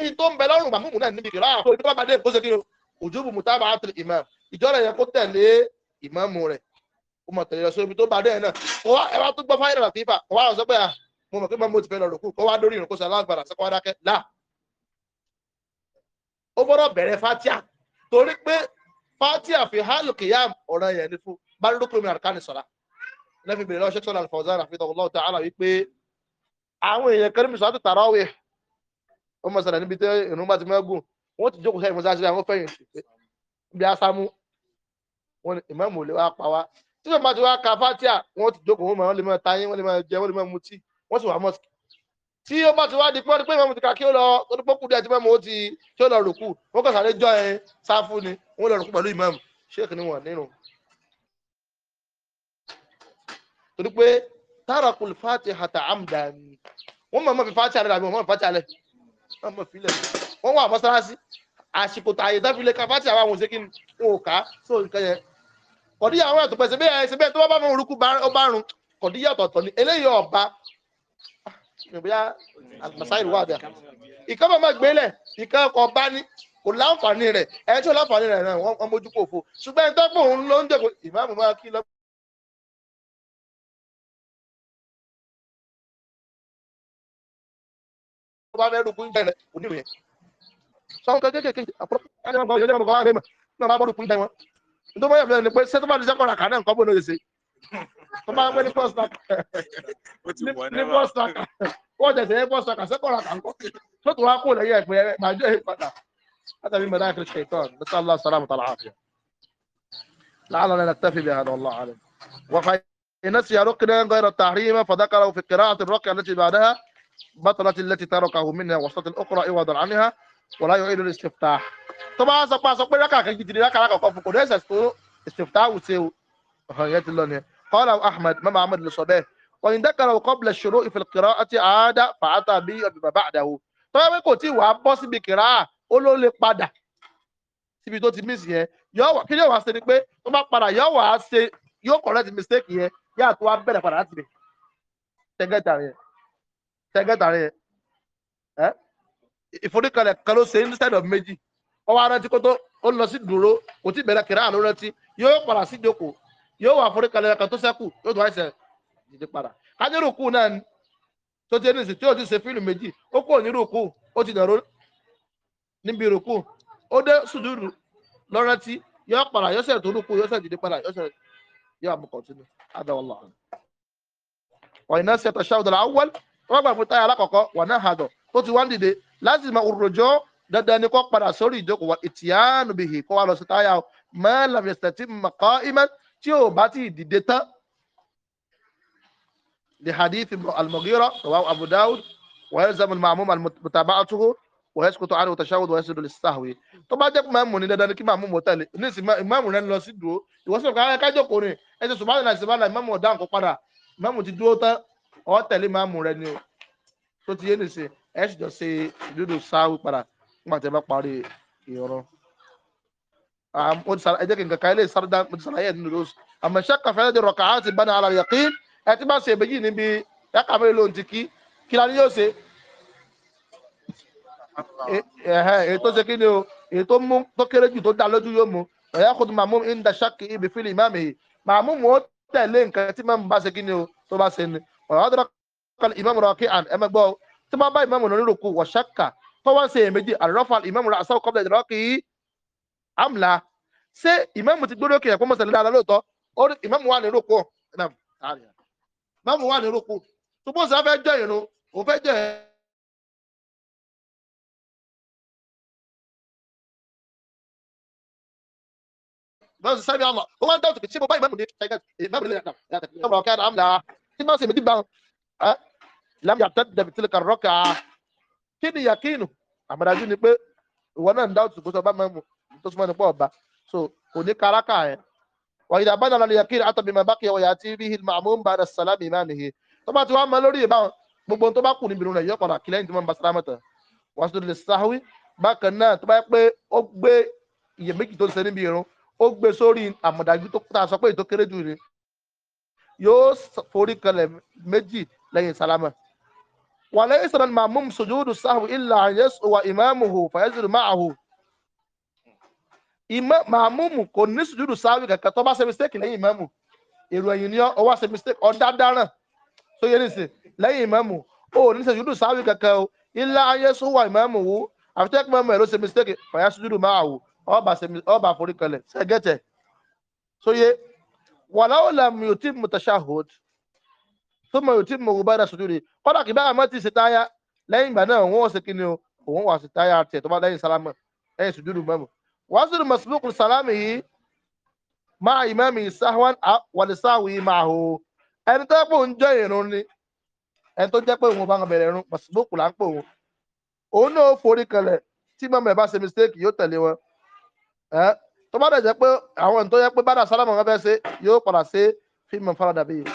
A: ẹni tó ń bẹ lọ́rùn màmúmù náà níbi ìrọ̀ àpò ìjọba bàdé kó ṣe kí ni òjòbù mùtábà àtìlì ìmáàmù ìjọra yẹn kó tẹ̀lé ìmáàmù rẹ̀ ó mọ̀ tẹ̀lé lọ sí ibi tó bàdé yẹn náà kó wá ẹ wá tó gbọ́ fáyẹ̀rẹ̀ làfífà mo mọ̀ pé mọ́ mo ti fẹ́ lọ rùkú kó wá dórí ìrùkú sọ alágbàdà sí kó là ó gbọ́dọ̀ bẹ̀rẹ̀ fatia torí pé fatia fi hálù kìyàm ọ̀rọ̀ yẹn ní fún bá ń lókùnrin àrùká ní sọ̀rọ̀ lẹ́fi bèrè lọ́wọ́ sẹ́kṣọ́nà alfọ̀zán àfihàn ọlọ́ ta'ala wípé àwọn èèyàn kan níbi sọ́tù tarawih ó mọ̀ sọ̀rọ̀ níbi tí ìrun bá ti mẹ́gùn wọ́n ti jókòó sẹ́yìn mọ́sáàsì àwọn fẹ́yìn bí asámú wọn ni ìmáàmù ò lè wá pa wá tí wọ́n bá ti wá ka fatia wọ́n ti jókòó wọn lè máa tayín wọ́n lè máa jẹ wọ́n lè máa mutí wọ́n sì wà mọ́sìkì tí ó bá ti wá di pé ọdún pé ìmọ̀ mùtìkà kí ó lọ ọdún pọ́kù díẹ̀ tí mọ̀ ó ti kí ó lọ rùkù wọ́n kàn sáré jọ ẹ sáfù ni wọ́n lọ rùkù pẹ̀lú ìmáàmù ṣéèkì ni wọ́n nínú. torí pé tarakul fatihata amdan wọ́n mọ̀ mọ́ fi fati alẹ́ àbí wọ́n mọ̀ fati alẹ́ wọ́n mọ̀ filẹ̀ wọ́n wà mọ́sálásí àsìkò tààyè dáfilẹ̀ ká fati àwọn òṣèkí ń wò ká so nǹkan yẹn kọ̀díyà àwọn ẹ̀tọ́ pẹ̀ bóyá masáyìí wà bẹ́ẹ̀. ìkan máa máa gbélẹ̀ ìkan ọkọ̀ bá ní kò láǹfààní rẹ̀ ẹ̀ tí ò láǹfààní rẹ̀ náà wọ́n mójú kò fo ṣùgbọ́n ẹni tó pọ̀ òun ló ń dẹ̀kọ̀ ìmáàmù máa kí lọ́pọ̀. tó bá fẹ́ rúkú jẹ́ rẹ̀ kò nílò yẹn. sọ́wọ́n kan kéékèèké àpò ẹni wọn kọ́ ọ̀yọ́jọ́ wọn kọ́ wá rẹ̀ mọ̀ náà bá bọ́ rúkú jẹ́ wọn. nítorí wọ́n yẹ̀ fẹ́ ni pé sẹ́tọ́ bá Comment bọ́ sọ́kà? Ní bọ́ sọ́kà. Wọ́n tẹ̀sẹ̀ yẹ bọ́ sọ́kà sẹ́kọ̀ọ́ ra kàńkọ́. Sọ́tò wa kó lẹ́yìn ẹ̀pẹ́ màá jẹ́ ìpadà. هذا من مداخل الشيطان نسال الله السلامه والعافيه لعلنا نكتفي بهذا والله اعلم وفي نسي ركنا غير التحريم فذكره في قراءه الركعه التي بعدها بطلت التي تركه منها وسط الاخرى عوضا عنها ولا يعيد الاستفتاح طبعا سقى سقى لك كان جدي لك لك كفو استفتاح وسيو hàn yẹn ti lọ nìyẹn kọ́lá ahmed mama ahmed lè sọ bẹ́ẹ̀ wọ́n yìí dẹ́kẹ̀rẹ̀ kọ́bìlẹ̀ ṣòro ìfìlìkìrọ̀ àti àádá fàátà bí ọbẹ̀ bàbá àdáwò tọ́wọ́ pé kò tí ì wá bọ́ síbi kìrá ó ló lè padà síbi tó ti mísì yẹn yọ wà kí ni wàá ṣe ni pé tó bá padà yọ wà á ṣe yóò correct mistake yẹn yá àti wàá bẹ̀rẹ̀ padà láti bẹ̀ tẹ́gẹ́tà rẹ̀ tẹ́gẹ́tà rẹ̀ ẹ́ ìforíkalẹ̀ kan ló ṣe instead of méjì ọwọ́ arántí kó tó ó lọ sí dúró kò tí ì bẹ̀rẹ̀ kìrá àlọ́ rántí yóò padà sí ìjókòó yóò wà forí kalẹ̀ kan tó sẹ́kù yóò tún àìsàn dìde padà kájírùkù náà ni tó ti ní ìsìn tí ó ti ṣe fíìlù méjì ó kò ní rùkù ó ti dàrú níbi rùkù ó dé sùdúrù lọ́rántí yóò padà yóò sẹ̀ tó rùkù yóò sẹ̀ dìde padà yóò sẹ̀ yóò àmú kọ̀tínú adáwọ̀lá ọ̀yìn náà ṣètò ṣáwùdàlà awọ́l wọ́n gbà fún táyà alákọ̀ọ́kọ́ wà náà hàdọ̀ tó ti wá dìde láti mọ òròjọ́ dandan ni kó padà sórí ìjókòó ìtìyánu bìhì kó wá lọ sí táyà mẹ́lẹ̀ fẹ̀sẹ̀ tí mọ̀kọ́ ìmẹ́lẹ̀ tí ò bá ti dìde tán li hadith al-Mughira rawahu Abu Dawud wa yalzamu al-ma'mum mutaba'atuhu wa yasqutu anhu tashahhud wa yasjudu lis-sahwi tó bá jẹ́ pé máàmù ní dandan ní kí máàmù mọ̀ tẹ̀lé ní ìsìn máàmù rẹ̀ ń lọ sí dúró ìwọ́sọ̀ káyọ̀ kájọ̀ kò rìn ẹ̀sẹ̀ sùbánà ìsìnbánà ìmáàmù ọ̀dà nǹkan padà máàmù ti dúró tán ọ̀ tẹ̀lé máàmù rẹ̀ ni tó ti yé nìsín ẹ̀ sì jọ ṣe ìdúdú sáwí padà nígbà tí ẹ bá parí ìrun mo ti ẹ jẹ́ kí n kankan ilé sáré mo ti sàlàyé nínú lóṣù àmọ́ iṣẹ́ kàfẹ́ lẹ́dẹ̀ rọ̀kà á ti bá ní alàyè kí ẹ ti bá ṣe èbèjì níbi ẹ̀ka mẹ́rin lóhun ti kí kí la ní yóò ṣe. èyí tó ṣe kí ni o èyí tó mú tó kéré jù tó dá lójú yóò mú ẹ̀yà kò tó màmú ń da ṣáàkì ibi fílì ìmáàmì yìí màmú mò ó tẹ̀lé nǹkan tí màmú bá amla ṣé ìmáàmù ti gbórí òkè ẹ̀kọ́ mọ̀sẹ̀ dáadáa lóòótọ́ ìmáàmù wà ní rúkú ìmáàmù wà ní rúkú ṣùgbọ́n sọ fẹ́ jọ ìrun òun fẹ́ jọ ìrun. bọ́n sọ sábẹ́ àmọ́ ó wá ń dáwọ́ tòkè tí mo bá ìmáàmù ní ṣẹ́gẹ́ ìmáàmù lè yàtọ̀ ìmáàmù ọ̀kẹ́ àdá àmìlà tí máa ń sèmi dìgbà lam yàtọ̀ dàbí tí kí ni yàkínù àmàdájú ni pé ìwọ náà ń tó súnmọ́ nípò so kò ní karaka yẹn wàyí dàbá náà lè yàkí àtọ̀ bímọ bá kìyàwó yàtí bí màmú ń bára sàlámì máa nìyí tó bá ti wá mọ lórí ìbáwọn gbogbo tó bá kù níbi rẹ yóò padà kílẹ̀ ìdí mọ́ bá sálámà tán wọ́n sì lè sáwí bákan náà tó bá yẹ pé ó gbé iyèméjì tó ń ṣe níbi irun ó gbé sórí àmọ̀dájú tó kúta sọ pé ètò kéré jù rè yóò forí kalẹ̀ méjì lẹ́yìn sálámà wàlẹ́ ìsọ̀rọ̀ màmú sojú imam maamumu kò ní sùjúdù sáwì kankan tó bá ṣe mistake lẹ́yìn imamu èrò ẹ̀yìn ni ó wá ṣe mistake ọ̀dá dáràn tó yẹ nìsín lẹ́yìn imamu ó ní sùjúdù sáwì kankan o ilá ayé sọ́wọ́ imamu wo àfitẹ́kì mọ́mú ẹ̀ ló ṣe mistake fàyà sùjúdù máa wò ọba àforí kanlẹ̀ ṣẹ́gẹ́tẹ̀ tó yẹ wàláwò làmì òtí mutashahud tó mọ̀ òtí mọ̀ òwò bá dà sùjúdù kọ́dà kì bá àmọ́ ti ṣe táyà lẹ́yìn ìgbà náà òun ò ṣe kí ni o òun wà ṣe táyà tiẹ̀ tó bá lẹ́yìn sálámà lẹ́yìn sùjúdù mọ́mù wazir masbuq salamihi مع imami sahwan walisawi maahu ẹni tó pò ń jẹ ìrun ni ẹni tó jẹ pé òun bá ń bẹ̀rẹ̀ ìrun masbuq là ń pò wọn òun náà forí kanlẹ̀ tí mọmọ ẹ bá ṣe mistake yóò tẹ̀lé wọn ẹ tó bá dẹ̀ jẹ́ pé àwọn tó yẹ pé bá dà sálámù wọn fẹ́ ṣe yóò padà ṣe fíìmù fara dàbí yìí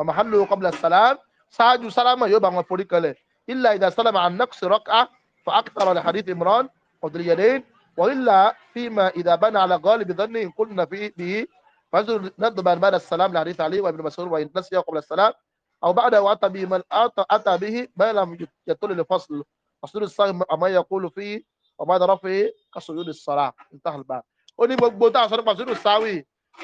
A: ọmọ hàlù qabla salam ṣáájú sálámù yóò bá wọn forí kanlẹ̀ illa idha salama an naqsi raq'a fa akthara li hadith imran qadriyadayn وإلا فيما إذا بنى على غالب ظنه قلنا في به فانظر نضبا بعد السلام لحديث علي وابن مسعود وإن نسي قبل السلام أو بعد وأتى به من أتى به ما لم يطل الفصل فصول الصائم ما يقول فيه وما درى فيه كسجود الصلاة انتهى الباب ó ní gbogbo tá a sọ nípa sùdù sáwì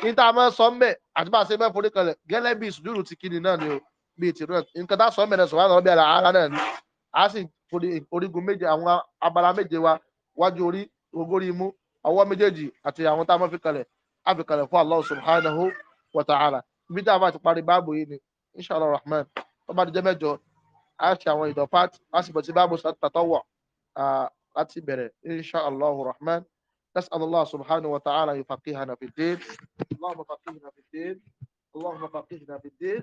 A: ní tá a máa sọ ń bẹ àti bá a ṣe máa forí kalẹ̀ gẹ́lẹ́ bí sùdù ti kí ni náà ni o bíi tìrú náà nǹkan tá sọ ń bẹ náà sọ̀rọ̀ bí ara náà ni a sì forí orígun méje àwọn abala méje wa wájú orí ogórí imú ọwọ́ méjèèjì àti àwọn tá a máa fi kalẹ̀ á fi kalẹ̀ fún Allah subhanahu wa ta'ala ibi tá a bá ti parí báàbò yìí ni inshallah rahman tó bá ti jẹ́ mẹ́jọ á ṣe àwọn ìdọ̀pá á sì bọ̀ sí báàbò sàtàtọ̀wọ̀ láti bẹ̀rẹ̀ inshallah rahman نسأل الله سبحانه وتعالى يفقهنا في الدين اللهم فقهنا في الدين اللهم فقهنا في الدين